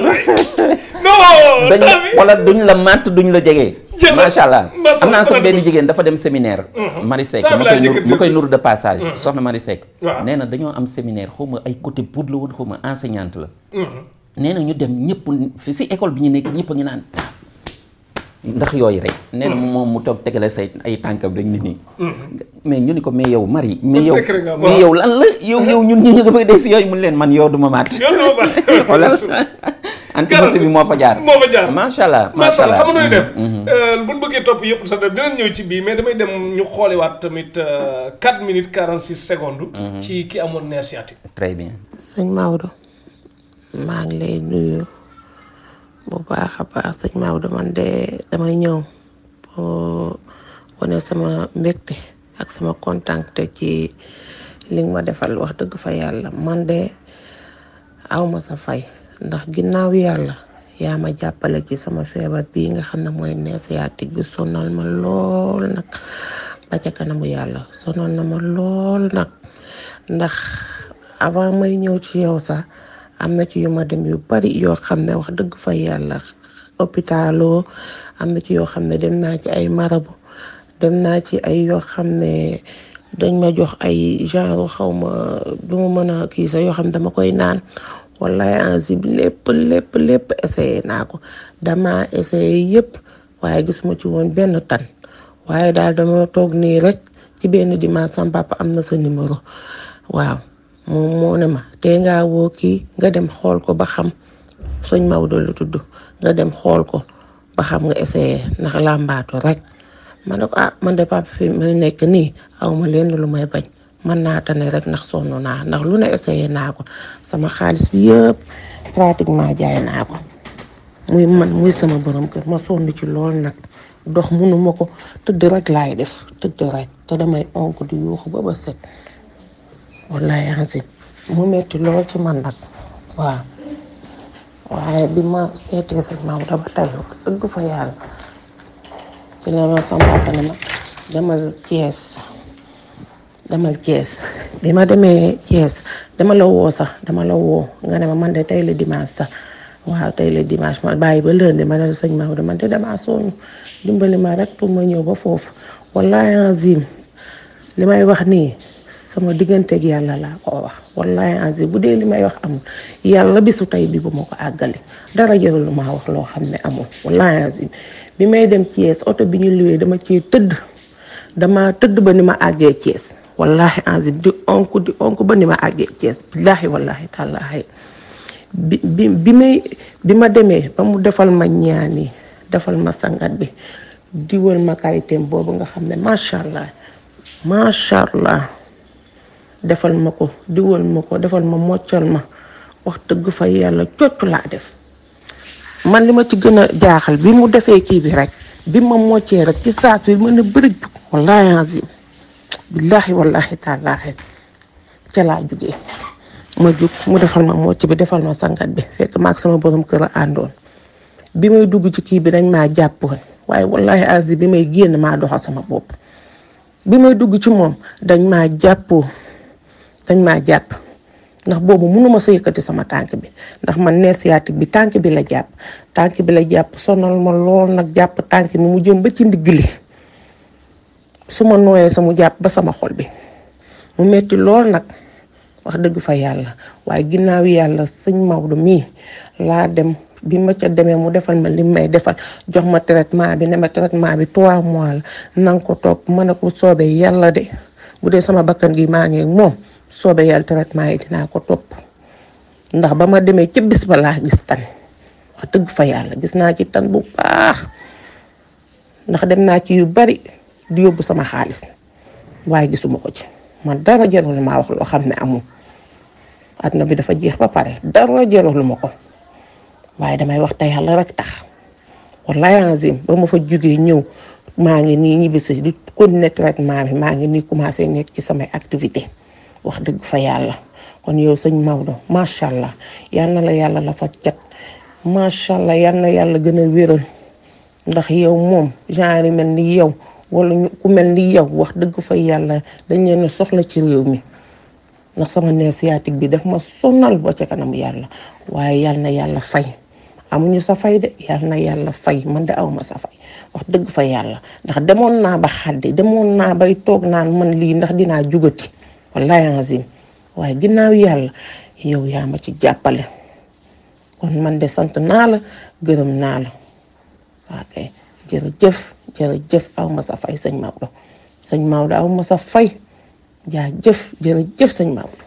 *laughs* *laughs* non. wala duñ la màtt duñ la jege. macha allah am naa sax benn jigéen dafa dem séminaire mhm. Marie Seck ma koy nur ma koy nuru de passage mhm. soxna Marie Seck nee na dañoo am séminaire xaw ma ay côté pour la woon xaw ma la mhm. nee na ñu dem ñëpp fi si école bi ñu nekk ñëpp a ngi naan ndax yooyu rek nee moom mu toog say tànkam rek nit ñi mais ñu ni ko mais yow Marie mais yow mais yow lan la yow yow ñun ñu ñu nga bëgg dee si yooyu mun leen man yow du maat *laughs* *laughs* antifosi bi moo fa jaar moo fa jaar macha allah macha allah xam nga mm-hmm. def mm-hmm. euh, buñ bëggee topp yëpp dinañ ñëw ci bii mais damay dem ñu xoole waat tamit 4 euh, minutes 46 secondes mm-hmm. ci ki amoon nerf sciatique très bien sëñ Maodo maa ngi lay nuyu bu baax a baax sëñ Maodo man de damay ñëw pour wane sama mbégte ak sama contente ci li ma defal wax dëgg fa yàlla man de awma sa fay ndax ginnaaw yàlla yaa ma jàppale ci sama feebar bii nga xam ne mooy nerf sciatique bi sonal ma lool nag ba ca kanamu yàlla sonal na ma lool nag ndax avant may ñëw ci yow sax am na ci yu ma dem yu bari yoo xam ne wax dëgg fa yàlla hôpitaloo am na ci yoo xam ne dem naa ci ay marabu dem naa ci ay yoo xam ne dañ ma jox ay genre xaw ma du ma mën a kii sax yoo xam dama koy naan wallahi ansi lépp lépp lépp essayé naa ko dama essayé yëpp waaye gisuma ci woon benn tan waaye daal dama toog nii rek ci benn dimanche sama papa am na sa numéro waaw moom moo ne ma te ngaa woo kii nga dem xool ko ba xam sëñ Maodo lu tudd nga dem xool ko ba xam nga essayé ndax làmbaatu rek ma ne ko a ah, man de papa fi mu nekk nii aw ma leen lu may bañ mën naa tane rek ndax sonn naa ndax lu ne essayé naa ko sama xaalis bi pratiquement jaay naa ko muy man muy sama borom kër ma sonn ci lool nag dox mënuma ko tëdd rek laay def tëdd rek te damay onk di yuuxu ba ba set wallaay ansi mu metti lool ci man nag waaw waaye bi ma seetee sëñ Maodo ba tey dëgg fa yàlla ci la ma sama ma dama Cees demal Thiès bi ma demee Thiès dama la woo sax dama la woo nga ne ma man de tey la dimanche sax waaw tey la dimanche ma bàyyi ba lundi ma ne sëñ Maodo man de damaa dimbali ma rek ma ñëw ba foofu wallahi azim li may wax nii sama digganteeg yàlla laa ko wax wallahi azim bu dee li may wax amul yàlla bisu tey bi bu ma ko àggali dara jëralu maa wax loo xam ne amul wallahi azim bi may dem Thiès oto bi ñu luwee dama ci tëdd dama tëdd ba ni ma àggee Thiès wallahi azim di onk di onk ba ni ma àggee Thiès billaahi wallahi tàllaahi bi bi bi may bi ma demee ba mu defal ma ñaani defal ma sangat bi diwal ma karitéem boobu nga xam ne macha allah macha allah defal ma ko diwal ma ko defal ma moccal ma wax dëgg fa yàlla cocc laa def man li ma ci gën a jaaxal bi mu defee kii bi rek bi ma moccee rek ci saa bi mën a bëri jug wallaahi azim billaahi wallaahi taalaahi ca laa jugee ma jug mu defal ma mocc bi defal ma sangat bi fekk maag sama borom kër a àndoon bi may dugg ci kii bi dañ maa jàppoo waaye wallaahi asi bi may génn maa doxal sama bopp bi may dugg ci moom dañ maa jàppoo dañ maa jàpp ndax boobu mënuma sa yëkkati sama tànk bi ndax man nerf sciatique bi tànk bi la jàpp tànk bi la jàpp sonal ma lool nag jàpp tànk bi mu jëm ba ci ndigg li su ma nooyee sama jàpp ba sama xol bi mu metti lool nag wax dëgg fa yàlla waaye ginnaaw yàlla sëñ Maodo mii laa dem bi ma ca demee mu defal ma li may defal jox ma traitement bi ne ma traitement bi trois mois la nanga ko toog mën a ko soobee yàlla de bu dee sama bakkan gi maa ngi moom soobee yàlla traitement yi dinaa ko topp ndax ba ma demee ci bis ba laa gis tan wax dëgg fa yàlla gis naa ci tan bu baax ndax dem naa ci yu bari di yóbbu sama xaalis waaye gisuma ko ci man dara jarul maa wax loo xam ne amul àdduna bi dafa jeex ba pare dara jarul ma ko waaye damay wax te yàlla rek tax wallaay azim ba ma fa jugee ñëw maa ngi nii ñibbisi di continuer traitement bi maa ngi nii commencé nekk ci samay activité wax dëgg fa yàlla kon yow sëñ Maodo macha allah yal na la yàlla la fa cat macha allah yal na yàlla gën a wéral ndax yow moom genre mel ni yow. wala ñu ku mel ni yow wax dëgg fa yàlla dañ leen soxla ci réew mi ndax sama nerf sciatique bi daf ma sonal ba ca kanam yàlla waaye yàlla na yàlla fay amuñu sa fay de yàlla na yàlla fay man de awma sa fay wax dëgg fa yàlla ndax demoon naa ba xàddi demoon naa bay toog naan man lii ndax dinaa jugati wallahi azim waaye ginnaaw yàlla yow yaa ma ci jàppale kon man de sant naa la gërëm naa la waa kay jërëjëf jëf aw nga sa fay sëñ Maodo sëñ Maodo aw nga sa fay jaajëf jërëjëf sëñ Maodo.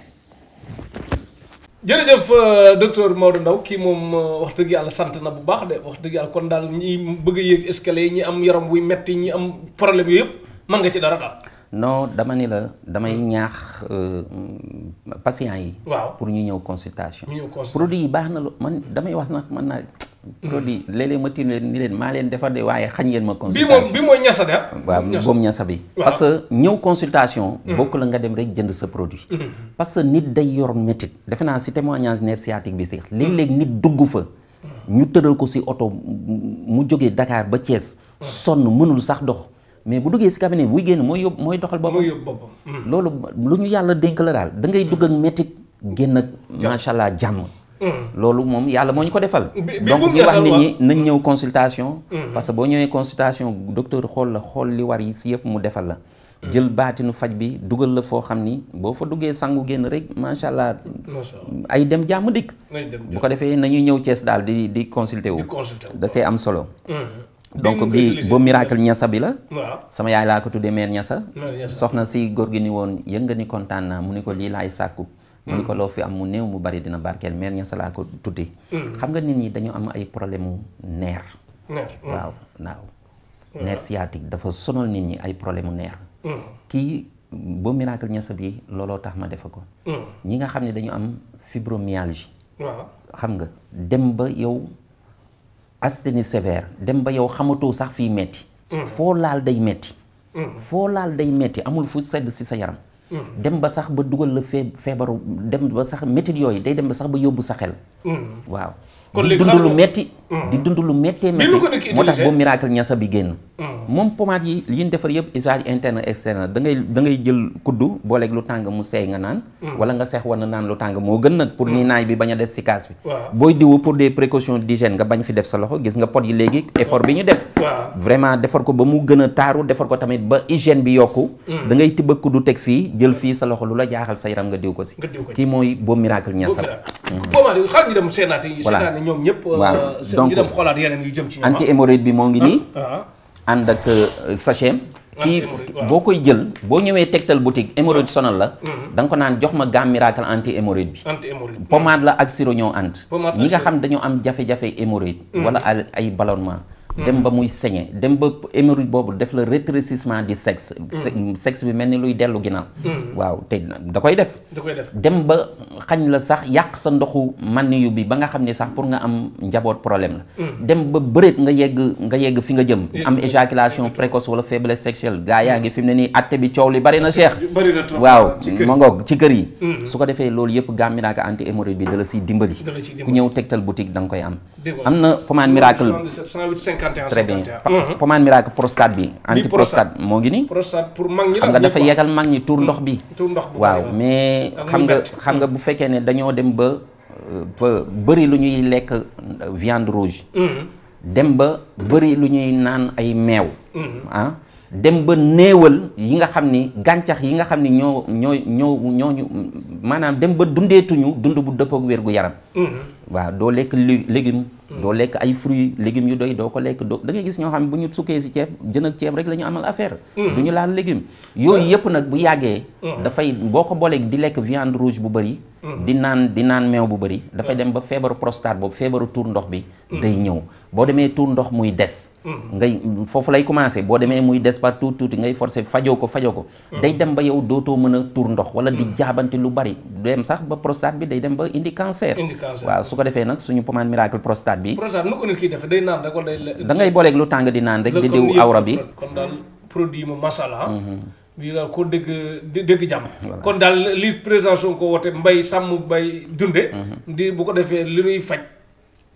jërëjëf euh, docteur Maodo ndaw kii moom euh, wax dëgg yàlla sant na bu baax de wax dëgg yàlla kon daal ñi bëgg a yéeg escalier yi ñi am yaram wuy metti ñi am problème yooyu yëpp mën nga ci dara daal. non dama ni la damay hmm. ñaax euh, patients yi. waaw pour ñu ñëw consultation. ñu produit yi baax na lu man damay wax na mën naa. Hmm. produit léeg lee ma leen maa leen defar de waaye xañ leen ma. consultation bi mooy ñasa de. waaw boobu ñasa bi. parce que ñëw consultation. Hmm. bokk la nga dem rek jënd sa produit. parce que nit day yor métit defe naa si témoignage nerf sciatique bi si léeg-léeg nit dugg fa. ñu tëral ko si oto mu jóge dakaar ba cees sonn mënul sax dox. mais bu duggee si cabinet buy génn mooy yóbbu mooy doxal boppam. mooy yóbbu boppam. Mm. loolu lu ñu yàlla dénk la daal dangay dugg ak métti génn ak. macha allah jàmm. Mm. loolu moom yàlla moo ñu ko defal. donc ñu wax nit ñi nañ ñëw consultation. Mm. parce que boo ñëwee consultation docteur xool la xool li war yi si yëpp mu defal la. jël baatinu faj bi dugal la foo xam ni boo fa duggee sangu génn rek macha allah. ay dem jàmm dikk. bu ko defee nañu ñëw Cees daal di di consulter wu. da see am solo. donc bi ba miracle ñasa bi la sama yaay laa ko tuddee mère ñasa soxna si góor gi ni woon yëg nga ni kontaan naa mu ni ko lii laay sàkku mu ni hmm. ko loo fi am mu néew mu bari dina barkeel mère ñasa laa ko tuddee hmm. xam nga nit ñi dañu am ay problème mu neer hmm. waaw waaw neer sciatique nit ñi ay problème mu neer kii ba ñasa bi looloo tax ma defe ko ñi nga xam ne dañu am fibromyalgie xam nga dem ba yow asthénie sévère dem ba yow xamatoo sax fii metti mm. foo laal day metti mm. foo laal day metti amul fu sedd si sa yaram mm. dem ba sax ba dugal la fee feebaru dem ba sax métit yooyu day dem ba sax ba yóbbu sa xel waaw kon léegi lu metti Mm. di dund lu méttee méttee moo tax boobu miracle ñasa bi génn mm. moom pommade yi yi defar yëpp usage interne externe da ngay da ngay jël kuddu booleeg lu tàng mu seey nga naan mm. wala nga seex war naan lu tàng moo gën nag pour nii bi bañ a des si kaas bi booy diwu pour des précautions d'hygiène nga bañ fi def sa loxo gis nga pot yi léegi effort bi ñu def vraiment defar ko ba mu gën a taaru defar ko tamit ba hygiène bi yokku da tibba kuddu teg la jaaxal sa yaram nga diw ko si kii donc anti ah. hémorroïde bi moo ngi nii ah. Ah. ànd ak euh, sachet kii boo koy jël boo ñëwee tegtal boutique hémorroïde sonal la mm-hmm. da nga ko naan jox ma gamme miracle anti hémorroïde bi pommade la ak sirop ñoo ànd ñi nga xam dañoo am jafe-jafe hémorroïde mm. wala ay ballonnement dem ba hmm. muy saigné dem ba hémorroïde boobu def la rétrécissement du sexe. Hmm. sexe bi mel ni luy dellu ginnaaw. Hmm. waaw te da koy def. da koy dem ba xañ la sax yàq sa ndoxu maniyu bi ba nga xam ne sax pour nga am njaboot problème la. dem ba bëreet nga yegg nga yegg fi nga jëm. am éjaculation précoce wala faiblesse sexuelle gaa yaa ngi fi ne nii atte bi coow li bari na Cheikh. waaw ma ngoog ci kër yi. su ko defee loolu yëpp gamme miracle anti hémorroïde bi da la siy dimbali. ku ñëw tegtal boutique da nga koy 51 très bien mhm. pommade miracle prostate bi anti prostate moo ngi nii prostate pour xam nga dafa yegal mag ñi ndox bi waaw mais xam nga xam nga mhm. bu fekkee ne dañoo dem ba euh, bëri lu ñuy lekk euh, viande rouge mhm. dem ba bëri lu ñuy naan ay meew ah, dem ba néewal yi nga xam ni gàncax yi nga xam ni ñoo ñoo ñoo ñooñu maanaam dem ba dundeetuñu dund bu dëppoog wér gu yaram mm-hmm. waaw doo lekk légume mm-hmm. doo lekk ay fruits légumes yu dooy doo ko lekk doo da ngay gis ñoo xam ne bu ñu sukkee si ceeb jën ak ceeb rek la ñu amal affaire mm-hmm. du ñu laal légume yooyu yëpp nag bu yàggee dafay boo ko booleeg di lekk viande rouge bu bëri di naan di naan meew bu bëri dafay dem ba feebaru prostate boobu feebaru tuur ndox bi day ñëw boo demee tour ndox muy des ngay foofu lay commencé boo demee muy des par tuuti tuuti ngay forcé fajoo ko fajoo ko day dem ba yow dootoo mën a tour ndox wala di jaabante lu bari dem sax ba prostate bi day dem ba indi cancer waaw su ko defee nag suñu pommade miracle prostate bi da ngay booleeg lu tàng di naan rek di diw awra bi produit lii daal koo dégg dégg jàmm. kon daal li président ko woote mbay sàmm bay dunde mhm. di bu ko defee li nuy faj.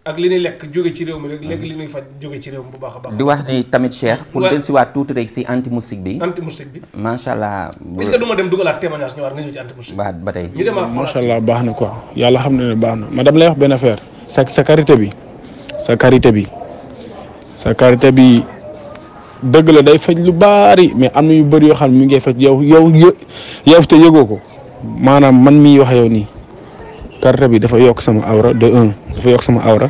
ak li ñuy lekk jóge ci réew mi rek mhm. léegi li ñuy faj jóge ci réew bu baax a baax. di wax ni tamit Cheikh. pour dellu si waat tuuti rek si anti musique bi. anti musique bi macha allah. est-ce que du ma dem dugalaat témoignage ñëwaat nga ñëw ci anti musique. waaw ba tey. ñu demaat allah baax na ko yàlla xam na baax na ma dama lay wax benn affaire. sa sa karité bi sa karité bi sa karité bi. dëgg la day faj lu baari mais am na yu bëri yoo xam ne mi ngay faj yow yow yow te yëgoo ko maanaam man miy wax yow nii carte bi dafa yokk sama awra sama awra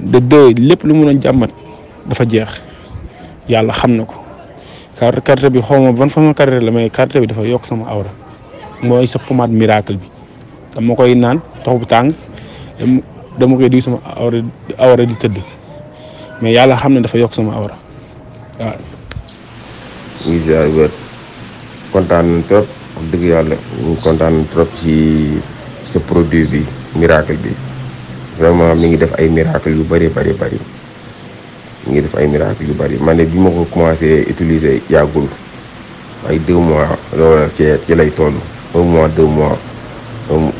de deux lépp lu mun a jàmmat dafa jeex yàlla xam na ko carte carte bi xaw ma ban façon carte la mais carte bi dafa yokk sama awra mooy sa pommade miracle bi dama koy naan tax bu tàng dama koy diw sama awra di tëdd mais yàlla xam ne dafa yokk sama awra. waaw. muy ziar wér kontaan trop wax dëgg yàlla ñu kontaan nañ trop ci produit bi miracle bi vraiment mi ngi def ay miracle yu bari bari bari mi ngi def ay miracle yu bari man ne bi ma ko commencé utiliser yàggul ay deux mois loola ci ci lay toll mois deux mois um,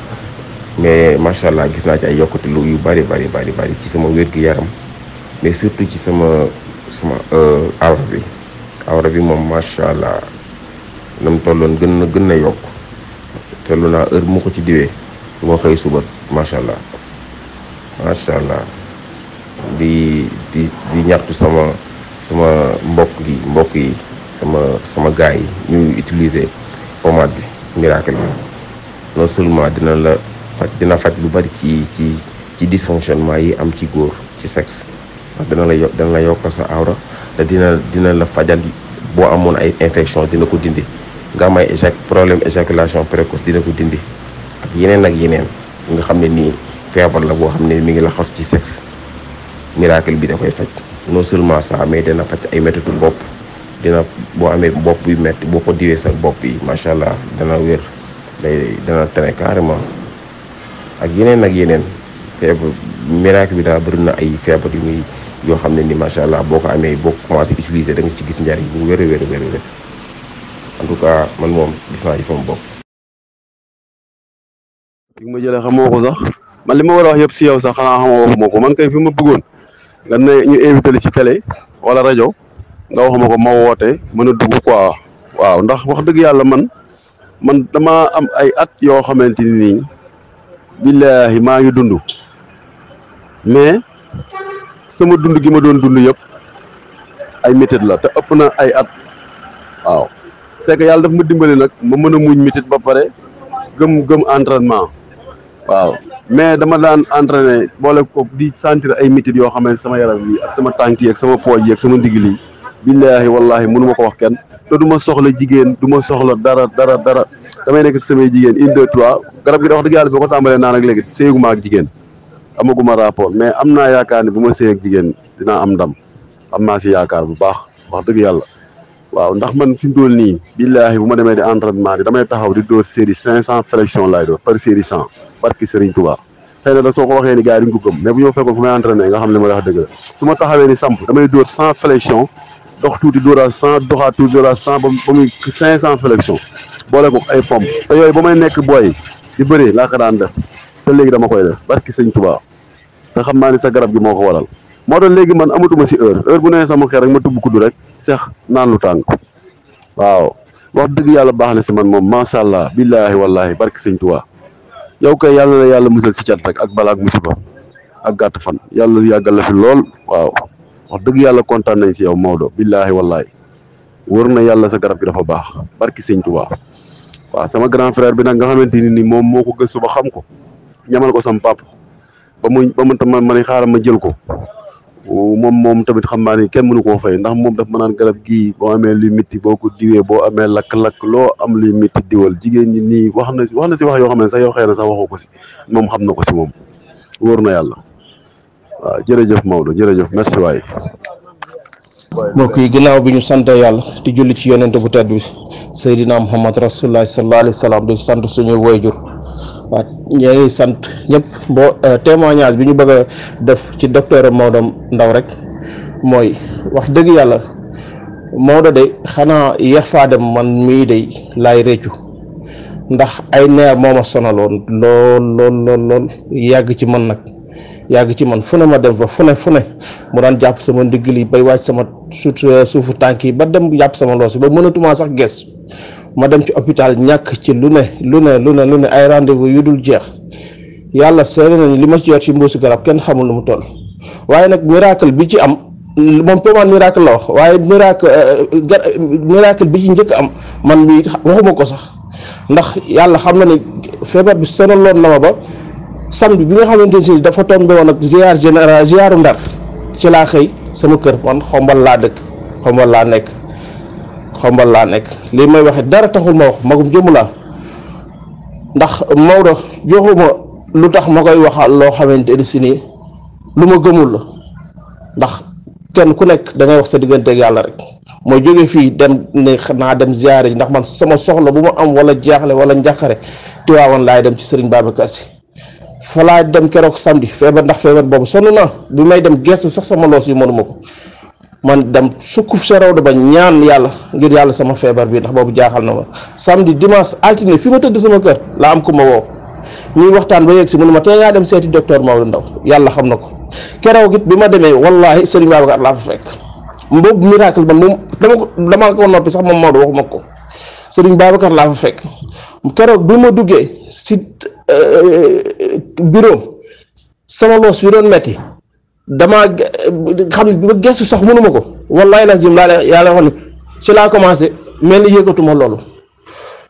mais macha allah gis naa ci ay yokkute lu yu bari bari bari bari ci sama wér-gu-yaram mais surtout ci sama. sama euh, awra bi awra bi moom macha allah na tolloon gën na gën na yokk tollu naa heure mu ko ci diwee lu ma xëy suba macha allah macha allah di di di ñaxtu sama sama mbokk yi mbokk yi sama sama gars yi ñuy utiliser pommade bi miracle bi seulement dina la faj dina faj lu bari ci ci ci dysfonctionnement yi am ci góor ci sexe ndax dana la dana la yokk sa awra te dina dina la fajal boo amoon ay infection dina ko dindi nga am ay éjac problème éjaculation précoce dina ko dindi ak yeneen ak yeneen nga xam ne nii feebar la boo xam ne mi ngi la ci sexe miracle bi da koy faj non seulement ça mais dina faj ay méttitu bopp dina boo amee bopp yu métti boo ko diwee bopp yi macha allah dana wér dana tane carrément ak yeneen ak yeneen feebar bi daal bëri na ay feebar yu muy yoo xam ne ni macha allah boo ko amee boo ko commencé utiliser da nga ci gis njariñ bu wér a wér a man moom gis naa ci sama bopp. ma jëlee xamoo ko sax man li ma war yëpp si yow sax xanaa ko man kay fi ma bëggoon nga ne ñu invité li ci télé wala rajo nga waxuma ko ma woote mën a dugg quoi waaw ndax wax dëgg yàlla man man dama am ay at yoo xamante ni nii billaahi maa ngi dund mais. sama dund gi ma doon dund yëpp ay métit la te ëpp na ay at waaw c'est yàlla daf ma dimbali nag ma mën a muñ métit ba pare gëm gëm entraînement waaw mais dama daan entraîné boole ko di sentir ay métit yoo xam ne sama yaram yi ak sama tànk yi ak sama pooj yi ak sama ndigil yi billaahi wallaahi mënu ko wax kenn te du ma soxla jigéen du ma soxla dara dara dara damay nekk ak samay jigéen une deux trois garab gi da wax dëgg yàlla ko tàmbalee naan ak léegi séygu ma ak jigéen amaguma rapport mais am naa yaakaar ne bu ma sëy ak jigéen dinaa am ndam am na si yaakaar bu baax wax dëgg yàlla waaw ndax man fi mu nii billaahi bu ma demee di entraînement di damay taxaw di dóor série cinq cent flexion laay dóor par série cent barki Serigne Touba xëy na nag soo ko waxee ni nga xam ne ma wax dëgg la su ma taxawee ni samp damay dóor cent flexion dox tuuti dóoraat cent doxaat ba muy cinq cent flexion boole ko ay pompe te yooyu ba may nekk booy di bëri laa ko daan def te léegi dama koy def barki sëñ Tuubaa te xam naa ni sa garab gi moo ko waral moo tax léegi man amatuma si heure heure bu nee sama xel rek ma tubb kudd rek seex naan lu tàng waaw wax dëgg yàlla baax na si man moom macha allah billaahi wallaahi barki sëñ yow kay yàlla la yàlla musal si cat rek ak balaa ak musiba ak gàtt fan yàlla yàggal la fi lool waaw wax dëgg yàlla kontaan nañ si yow Maodo billaahi wallaahi wër na yàlla sa garab gi dafa baax barki sëñ Tuubaa waaw sama grand bi nag nga xamante ni moom moo ko gëstu ba xam ko. ñamal ko sam pap ba mu ba mu tam ma ne ma jël ko moom moom tamit xam naa ni kenn mënu koo fay ndax moom daf ma naan garab gii boo amee luy mitti boo ko diwee boo amee lakk-lakk loo am luy mitti diwal jigéen ñi nii wax na wax na si wax yoo xam ne sax yow xëy na sax waxu ko si moom xam na ko si moom wóor na yàlla waaw jërëjëf Maodo jërëjëf merci waay. mbokk yi ginnaaw bi ñu sant yàlla di julli ci yonent bu tedd bi Seydina Muhammad Rasulullah sallallahu di sant suñuy woyjur waa ñoo ngi sant ñëpp boo euh, témoignage bi ñu bëgg a def ci docteur Maodo ndaw rek mooy wax dëgg yàlla Maodo de xanaa yeex faa dem man mii de laay réccu ndax ay neer moo ma sonaloon lool lool lool lool yàgg ci man nag yàgg ci man fu ne ma dem fa fu ne mu daan jàpp sama ndigg lii bay wàcc sama euh, suufu tànk yi ba dem jàpp sama loos ba mënatumaa sax gees ma dem ci hôpital ñàkk ci lu ne lu ne lu ne lu ne ay rendez-vous yu dul jeex yàlla seede nañu li ma ci yor ci mbuusi garab kenn xamul lu mu toll waaye nag miracle bi ci am moom paiement miracle la wax waaye miracle euh, miracle bi ci njëkk am man mi waxuma ko sax ndax yàlla xam na ne feebar bi sonaloon na ma ba sam bi nga xamante ne dafa tombé woon ak ziar général ziaru ndar ci laa xëy sama kër man xombal laa dëkk xombal laa nekk xombal laa nekk li may waxe dara taxul ma wax magum jëmm laa ndax Maodo joxuma lu tax ma koy waxal loo xamante ni si nii lu ma gëmul la ndax kenn ku nekk da ngay wax sa digganteeg yàlla rek mooy jóge fii dem ne naa dem ziyaare ji ndax man sama soxla bu ma am wala jaaxle wala njàqare Tiwaawan laay dem ci Sëriñ Babacar Si fa laa dem keroog samedi feebar ndax feebar boobu sonn naa bi may dem gestu sax sama loos yi mënuma ko man dem sukkuf sa raw da ba ñaan yàlla ngir yàlla sama feebar bi ndax boobu jaaxal na ma samedi dimanche altine fi ma tëdd sama kër laa am ku ma woo ñuy waxtaan ba yegg si mu ne ma tey ngaa dem seeti docteur Maodo Ndaw yàlla xam na ko keroog it bi ma demee wallaahi Serigne Babacar laa fa fekk boobu miracle man moom dama ko dama ko noppi sax moom Maodo waxuma ko Serigne Babacar laa fa fekk keroog bi ma duggee si euh, bureau sama loos bi doon metti damaa xam ne bi ma gëstu sax mënuma ko wallaay lazim laa leen yàlla wax ni ci laa commencé mel ni yëkkatuma loolu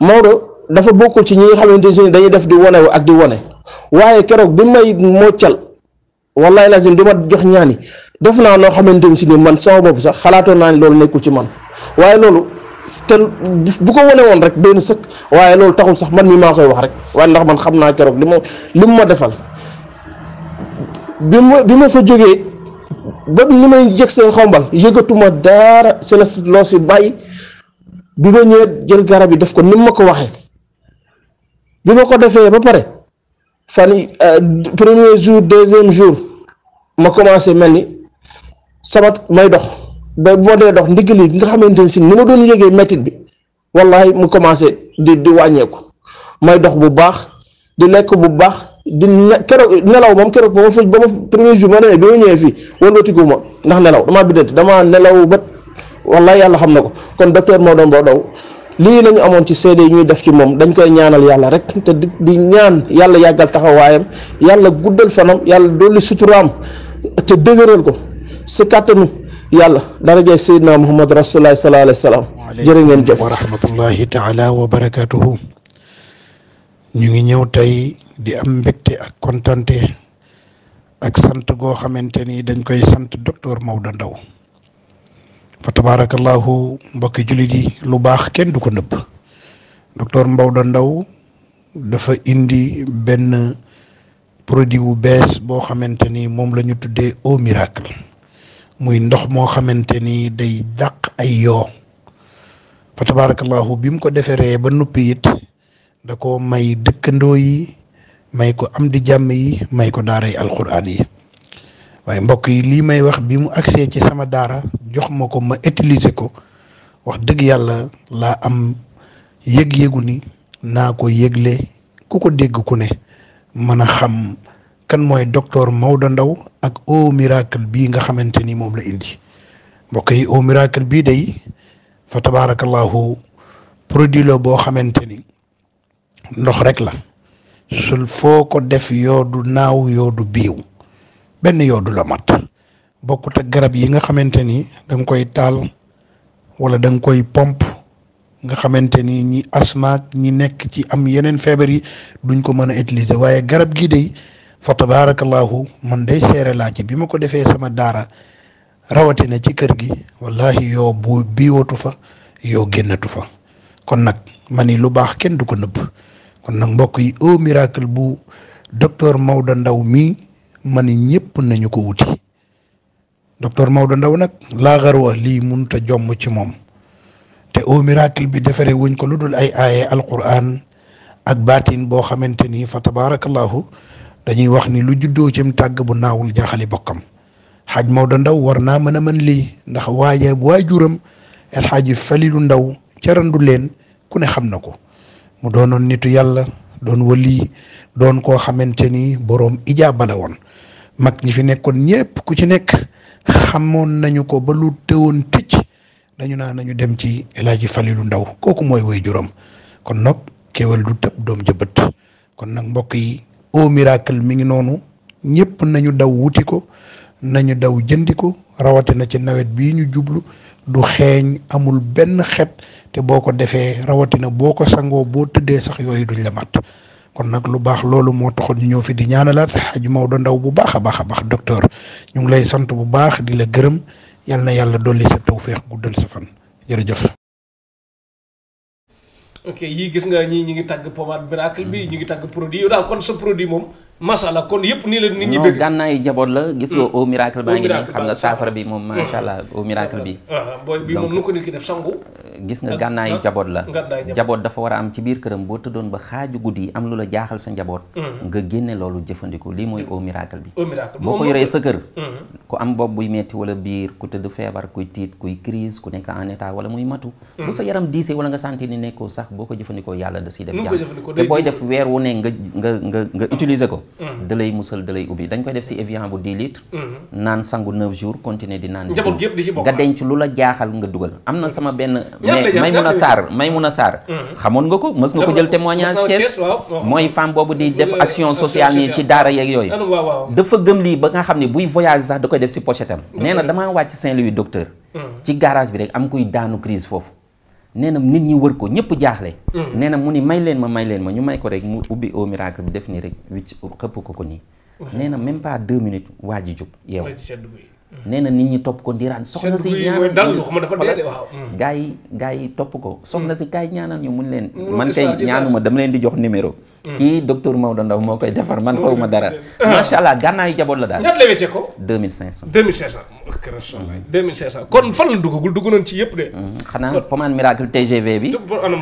Maodo dafa bokkul ci ñi nga xamante ne dañuy def di wane ak di wane waaye keroog bi may moccal wallahi lazim di ma jox ñaani def naa noo xamante ne si ni man sama bopp sax xalaatoon naa ne loolu nekkul ci man waaye loolu te bu ko wane woon rek benn sëkk waaye loolu taxul sax man mi maa koy wax rek waaye ndax man xam naa keroog li ma li mu ma defal. bi mu bi ma fa jógee ba ni may jëg seen xombal yëgatuma daara si loo si bàyyi bi ma ñëwee jël garab yi def ko ni ma ko waxee bi ma ko defee ba pare fan euh, premier jour deuxième jour ma commencé mel ni sama may dox ba bu ma dee dox ndigal yi nga xamante ne si ni ma doon yëgee mettit bi wallahi mu commencé di di wàññeeku may dox bu baax. di lekk bu baax di ne keroog nelaw moom keroog ba ma fa ba ma premier jour ma demee bi ma ñëwee fii wëlbatiku ma ndax nelaw damaa biddanti damaa nelaw bët wallaay yàlla xam na ko kon docteur moo doon boo daw lii la amoon ci seede yi ñuy def ci moom dañ koy ñaanal yàlla rek te di ñaan yàlla yàggal taxawaayam yàlla guddal fanam yàlla dolli suturaam te dëgëral ko si kàttanu yàlla darajay Seydina Muhammad Rasulullah sallallahu alayhi wa sallam jërë ngeen jëf wa rahmatullahi taala wa barakatuhu ñu ngi ñëw tey di am mbégte ak kontante ak sant goo xamante ni dañ koy sant docteur Maodo Ndaw fa tabarakallahu mbokki jullit yi lu baax kenn du ko nëbb docteur Maodo Ndaw dafa indi benn produit wu bees boo xamante ni moom la ñu tuddee au miracle muy ndox moo xamante ni day dàq ay yoo fa tabarakallahu bi mu ko deferee ba nuppi it da ko may dëkkandoo yi may ko am di jàmm yi may ko daara yi alxuraan yi waaye mbokk yi lii may wax bi mu agsee ci sama daara jox ma ko ma utiliser ko wax dëgg yàlla laa am yëg-yëgu ni naa ko yëgle ku ko dégg ku ne mën a xam kan mooy docteur Maodo Ndaw ak au miracle bii nga xamante ni moom la indi mbokk yi au miracle bii day fa tabaarakallaahu produit la boo xamante ni ndox rek la sul foo ko def yoodu naaw yoodu biiw benn yoodu la mat bokkut ak garab yi nga xamante ni da koy taal wala da koy pomp nga xamante ni ñi asma ñi nekk ci am yeneen feebar yi duñ ko mën a utiliser waaye garab gii day fa tabarakallahu man day seere laa ci bi ma ko defee sama daara rawatina ci kër gi wallahi yoo biiwatu fa yoo génnatu fa kon nag ma ni lu baax kenn du ko nëbb kon nag mbokk yi au bu docteur Maodo Ndaw mii man ñëpp nañu ko wuti docteur Maodo Ndaw nag laaxar wax lii mënut a jomm ci moom te au miracle bi defaree wuñ ko lu dul ay aaye alquran ak baatin boo xamante ni fa tabarakallahu dañuy wax ni lu juddoo cim tàgg bu naawul jaaxali bokkam xaaj Maodo Ndaw war naa mën a mën lii ndax waaja waajuram El Hadji Falilou Ndaw ca randu leen ku ne xam na ko mu doonoon nitu yàlla doon wali doon koo xamante ni boroom ijaaba la woon mag ñi fi nekkoon ñépp ku ci nekk xamoon nañu ko ba lu teewoon ticc dañu naa nañu dem ci El Hadji Falilou Ndaw kooku mooy woy juróom kon nag kéwél du tëb doom jëbët kon nag mbokk yi au miracle mi ngi noonu ñépp nañu daw wuti ko nañu daw jëndi ko rawatina ci nawet bii ñu jublu du xeeñ amul benn xet te boo ko defee rawatina boo ko sangoo boo tëddee sax yooyu duñ la kon nag lu baax loolu moo taxoon ñu ñëw fi di ñaanalaat xaj Maodo Ndaw bu baax a baax a baax docteur ñu ngi lay sant bu baax di la gërëm yal na yàlla dolli sa tawféex guddal sa fan jërëjëf. ok yii gis nga ñii ñu ngi tàgg pommade miracle bi ñu ngi tàgg produit yow daal kon sa produit moom. macha allah kon yëpp nii la nit jaboot la gis nga hmm. au miracle baa ngi nii xam nga saafara bi moom hmm. macha allah au miracle bi ah, ah, booy bi moom nu ko nit ki def euh, ah, jaboot la jaboot dafa war a am ci biir këram boo tëddoon ba xaaju guddi am lu la jaaxal sa njaboot hmm. nga génne loolu jëfandikoo lii mooy au miracle bi boo ko yoree sa kër ku am bopp buy metti wala biir ku tëdd feebar kuy tiit kuy crise ku nekk en état wala muy matu bu sa yaram diisee wala nga santé ni nekkoo sax boo ko jëfandikoo yàlla da si def jàmm te booy def weer wu ne nga nga nga nga utiliser ko Mm-hmm. da lay musal da lay ubbi dañ koy def si Evian bu 10 litres. Mm-hmm. naan sangu 9 jours continuer di naan. njaboot yëpp di ci bokk nga denc lu la jaaxal nga dugal. am na sama benn. Mm-hmm. mais Maymuna Sarr Maymuna Sarr. xamoon nga ko mës nga ko jël témoignage Thiès mooy femme boobu di def action sociale nii ci daara yeeg yooyu. dafa gëm lii ba nga xam ne buy voyage sax da koy def si pochette am. nee na damaa wàcc Saint-Louis docteur. ci garage bi rek am kuy daanu crise foofu. nee na nit ñi wër ko ñëpp jaaxle. Mm. nee na mu ni may leen ma may leen ma ñu may ko rek mu bi au miracle bi def nii rek wicc xëpp ko ko nii. Mm-hmm. nee na même pas deux minutes waa ji jóg nee na nit ñi topp ko ndiraan soxna si ñaanal dal xam dafa dee waaw gars yi yi topp ko soxna mm. si kaay ñaanal ñu mun leen man kay ñaanuma dama leen di jox numéro mm. kii docteur Maodo Ndaw moo koy defar man xaw ma dara macha allah gànnaayu jaboot la daal ñaata la wecce ko deux mille cinq cent mm. dugg nañ ci yëpp de xanaa pommade miracle TGV bi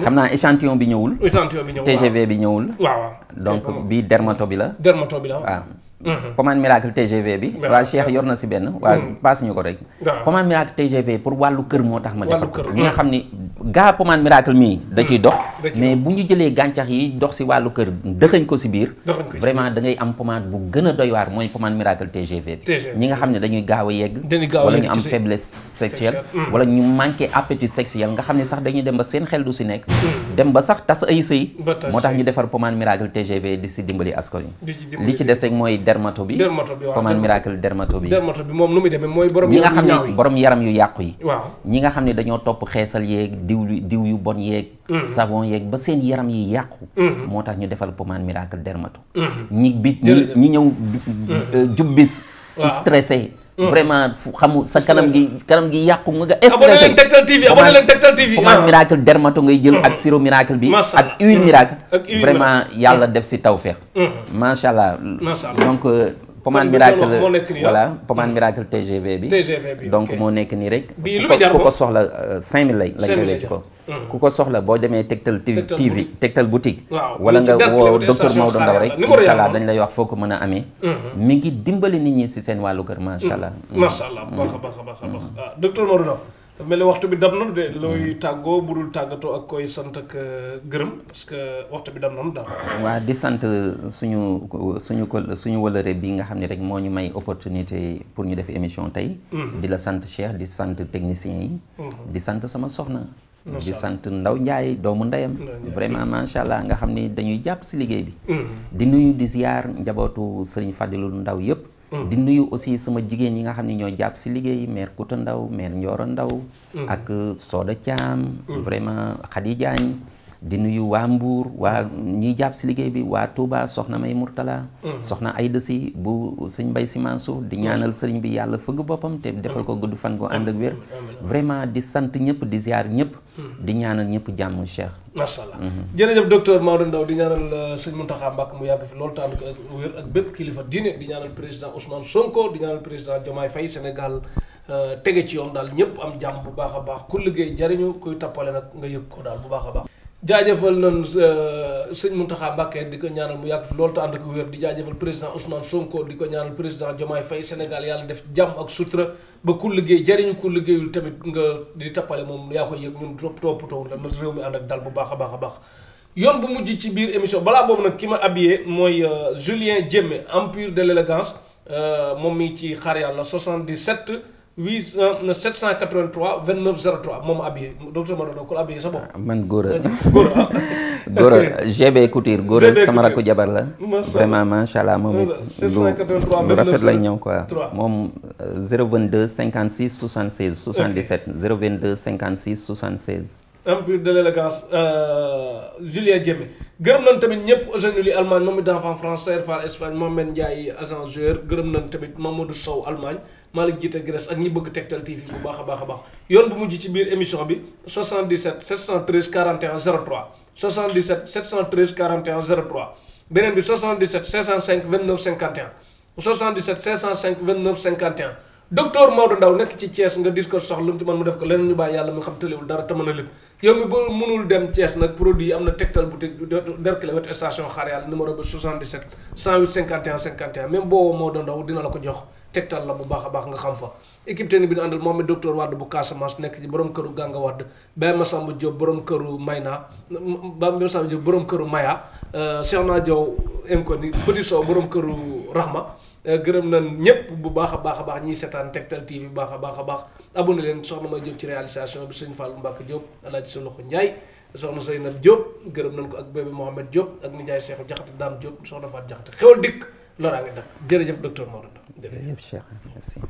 xam naa échantillon bi ñëwul échantillon bi ñëwul TGV bi ñëwul waaw donc bi dermato bi la dermato bi la waaw ah. Mm-hmm. commande miracle TGV bi waa Cheikh yor na si benn waa mm. passe ñu ko rek commande miracle TGV pour wàllu kër moo tax ma defar ko nga mm. xam ni gaa commande miracle mii da mm. dox mais bu ñu jëlee gàncax yi dox si wàllu kër dëxañ ko si biir vraiment da am commande bu gën a doy waar mooy commande miracle TGV bi ñi nga xam ne dañuy gaaw a yegg wala ñu am faiblesse sexuelle wala ñu manqué appétit sexuel nga xam ne sax dañuy dem ba seen xel du si nekk dem ba sax tas ay sëy moo tax ñu defar commande miracle TGV di si dimbali askan yi li ci des rek mooy dermato bi dermato bi waaw pommade miracle dermato bi dermato bi moom nu muy demee mooy borom yaram yu ñaaw yi ñi nga xam ne borom yaram yu yàqu yi waaw ñi nga xam ne dañoo topp xeesal yeeg diw diw yu bon yeeg mm-hmm. savon yeeg ba seen yaram yi yàqu mm-hmm. moo tax ñu defal pommade miracle dermato mm-hmm. ñi ñëw jubbis stressé Mm. vraiment fu xamu sa kanam gi kanam gi yàqu nga nga stressé abonné leen Tektal TV abonné leen Tektal TV pommade ah. miracle dermato ngay jël ak mm. sirop miracle bi mm. ak huile miracle vraiment yàlla def si tawfeex macha allah donc euh, pommade miracle ah. TGV bi donc moo nekk nii rek ku ko soxla 5000 euh, lay lay jëlee ci ko Mm. ku ko soxla boo demee Tektal TV Tektal boutique wala nga woo docteur Maodo Ndaw rek incha allah dañ lay wax foo ko mën a amee mm-hmm. mi ngi dimbali nit ñi si seen wàllu kër macha mm-hmm. allah mm-hmm. macha allah baax a baax a baax a baax ah, docteur Maodo Ndaw dafa mel ni waxtu bi dam nanu de looy tàggoo bu dul tàggatoo ak koy sant ak euh, gërëm parce que waxtu di sant euh, suñu suñu ko suñu wëlëre bi nga xam ne rek moo ñu may opportunité pour ñu def émission tey di la sant Cheikh di sant technicien yi di sant sama di sant Ndaw Njaay doomu ndeyam vraiment macha allah nga xam ni dañuy jàpp si liggéey bi mm-hmm. di nuyu di ziar njabootu sëriñ Fadilu Ndaw yëpp mm-hmm. di nuyu aussi sama jigéen ñi nga xam ni ñoo jàpp si liggéey maire Kouta Ndaw maire Ndioro Ndaw mm-hmm. ak Soda Thiam vraiment Khady Diagne di nuyu waa Mbour waa ñiy jàpp si liggéey bi waa Touba soxna May Mourtala mm. soxna Ayda Si bu sëñ Mbay Si Mansour di ñaanal sëriñ bi yàlla fëgg boppam te defal ko gudd fan ko ànd ak di sant ñëpp di ziar ñëpp mm. di ñaanal ñëpp jàmm Cheikh macha allah mm-hmm. jërëjëf docteur Maodo Ndao di ñaanal euh, sëñ mu yàgg fi loolu tànn ko ak wér ak bépp kilifa diine di ñaanal président Ousmane Sonko di ñaanal président Diomaye Faye Sénégal euh, tege ci yoon daal ñëpp am jàmm bu baax a baax ku liggéey jariñu kuy tappale nag nga yëg ko daal bu baax a baax jaajëfal nañ euh, sëñ Mountakha Mbacké di ko ñaanal mu yàgg fi loolu te ànd ko wér di jaajëfal président Ousmane Sonko di ko ñaanal président Diomaye Faye Sénégal yàlla def jàmm ak sutura ba ku liggéey jariñu ko liggéeyul tamit nga di tappale moom yaa koy yëg ñun toppatoo la na réew mi ànd ak dal bu baax a baax a baax yoon bu mujj ci biir émission balaa boobu nag ki ma habillé mooy euh, Julien Diémé empire de l'élégance euh, moom mi ci xar yàlla 77 8 783 29 03 moom Abiy docteur Madone ku Abiy sa bopp. man Gora Gora Gora *laughs* GB Couture Gora sama rakku jabar la. vraiment macha allah moom it. 783 29 lu rafet lay ñëw quoi. moom 022 56 76 77 022 56 76. empire de l'élégance euh, Julien Diémé gërëm nañ tamit ñëpp Eugène Ly Allemagne moom it d'enfant France Serfal Espagne Mohamed Ndiaye agent joueur gërëm nañ Malick jiite Grèce ak ñi bëgg Tektal TV bu baax a baax a baax yoon bu mujj ci biir émission bi 77 713 41 03 77 713 41 03 beneen bi 77 505 29 51 77 505 29 51 docteur Maodo Ndao nekk ci Thiès nga dis soxla mu def ko leneen ñu bàyyi yàlla mu xam tëlewul dara te mën a lépp yow mi ba mënul dem Thiès nag produit yi am na Tektal boutique Derklé wetu station xaar yàlla numéro bi 77 108 51 51 même boo woo tegtal la bu baax a baax nga xam fa équipe technique bi ñu àndal Mohamed Docteur Wade bu Casamance nekk ci borom këru Ganga Wade Baye Massamba Diop borom këru Mayna Baye Massamba Diop borom këru Maya euh, Cheikhna Diaw Inconnu Petit Sow borom këru Rahma euh, gërëm nañ ñëpp bu baax a baax a baax ñiy seetaan Tektal TV bu baax a baax a baax abonné leen soxna May Diop ci réalisation bi sëñ Fallou Mbacke Diop alaaji sa loxo Ndiaye soxna Seynab Diop gërëm nañ ko ak bébé Mohamed Diop ak nijaay Cheikhou Jaxate Dame Diop soxna Faat Jaxate xewal dikk loraa ngi dak jërëjëf docteur Mor Bienvenue, cher. Merci.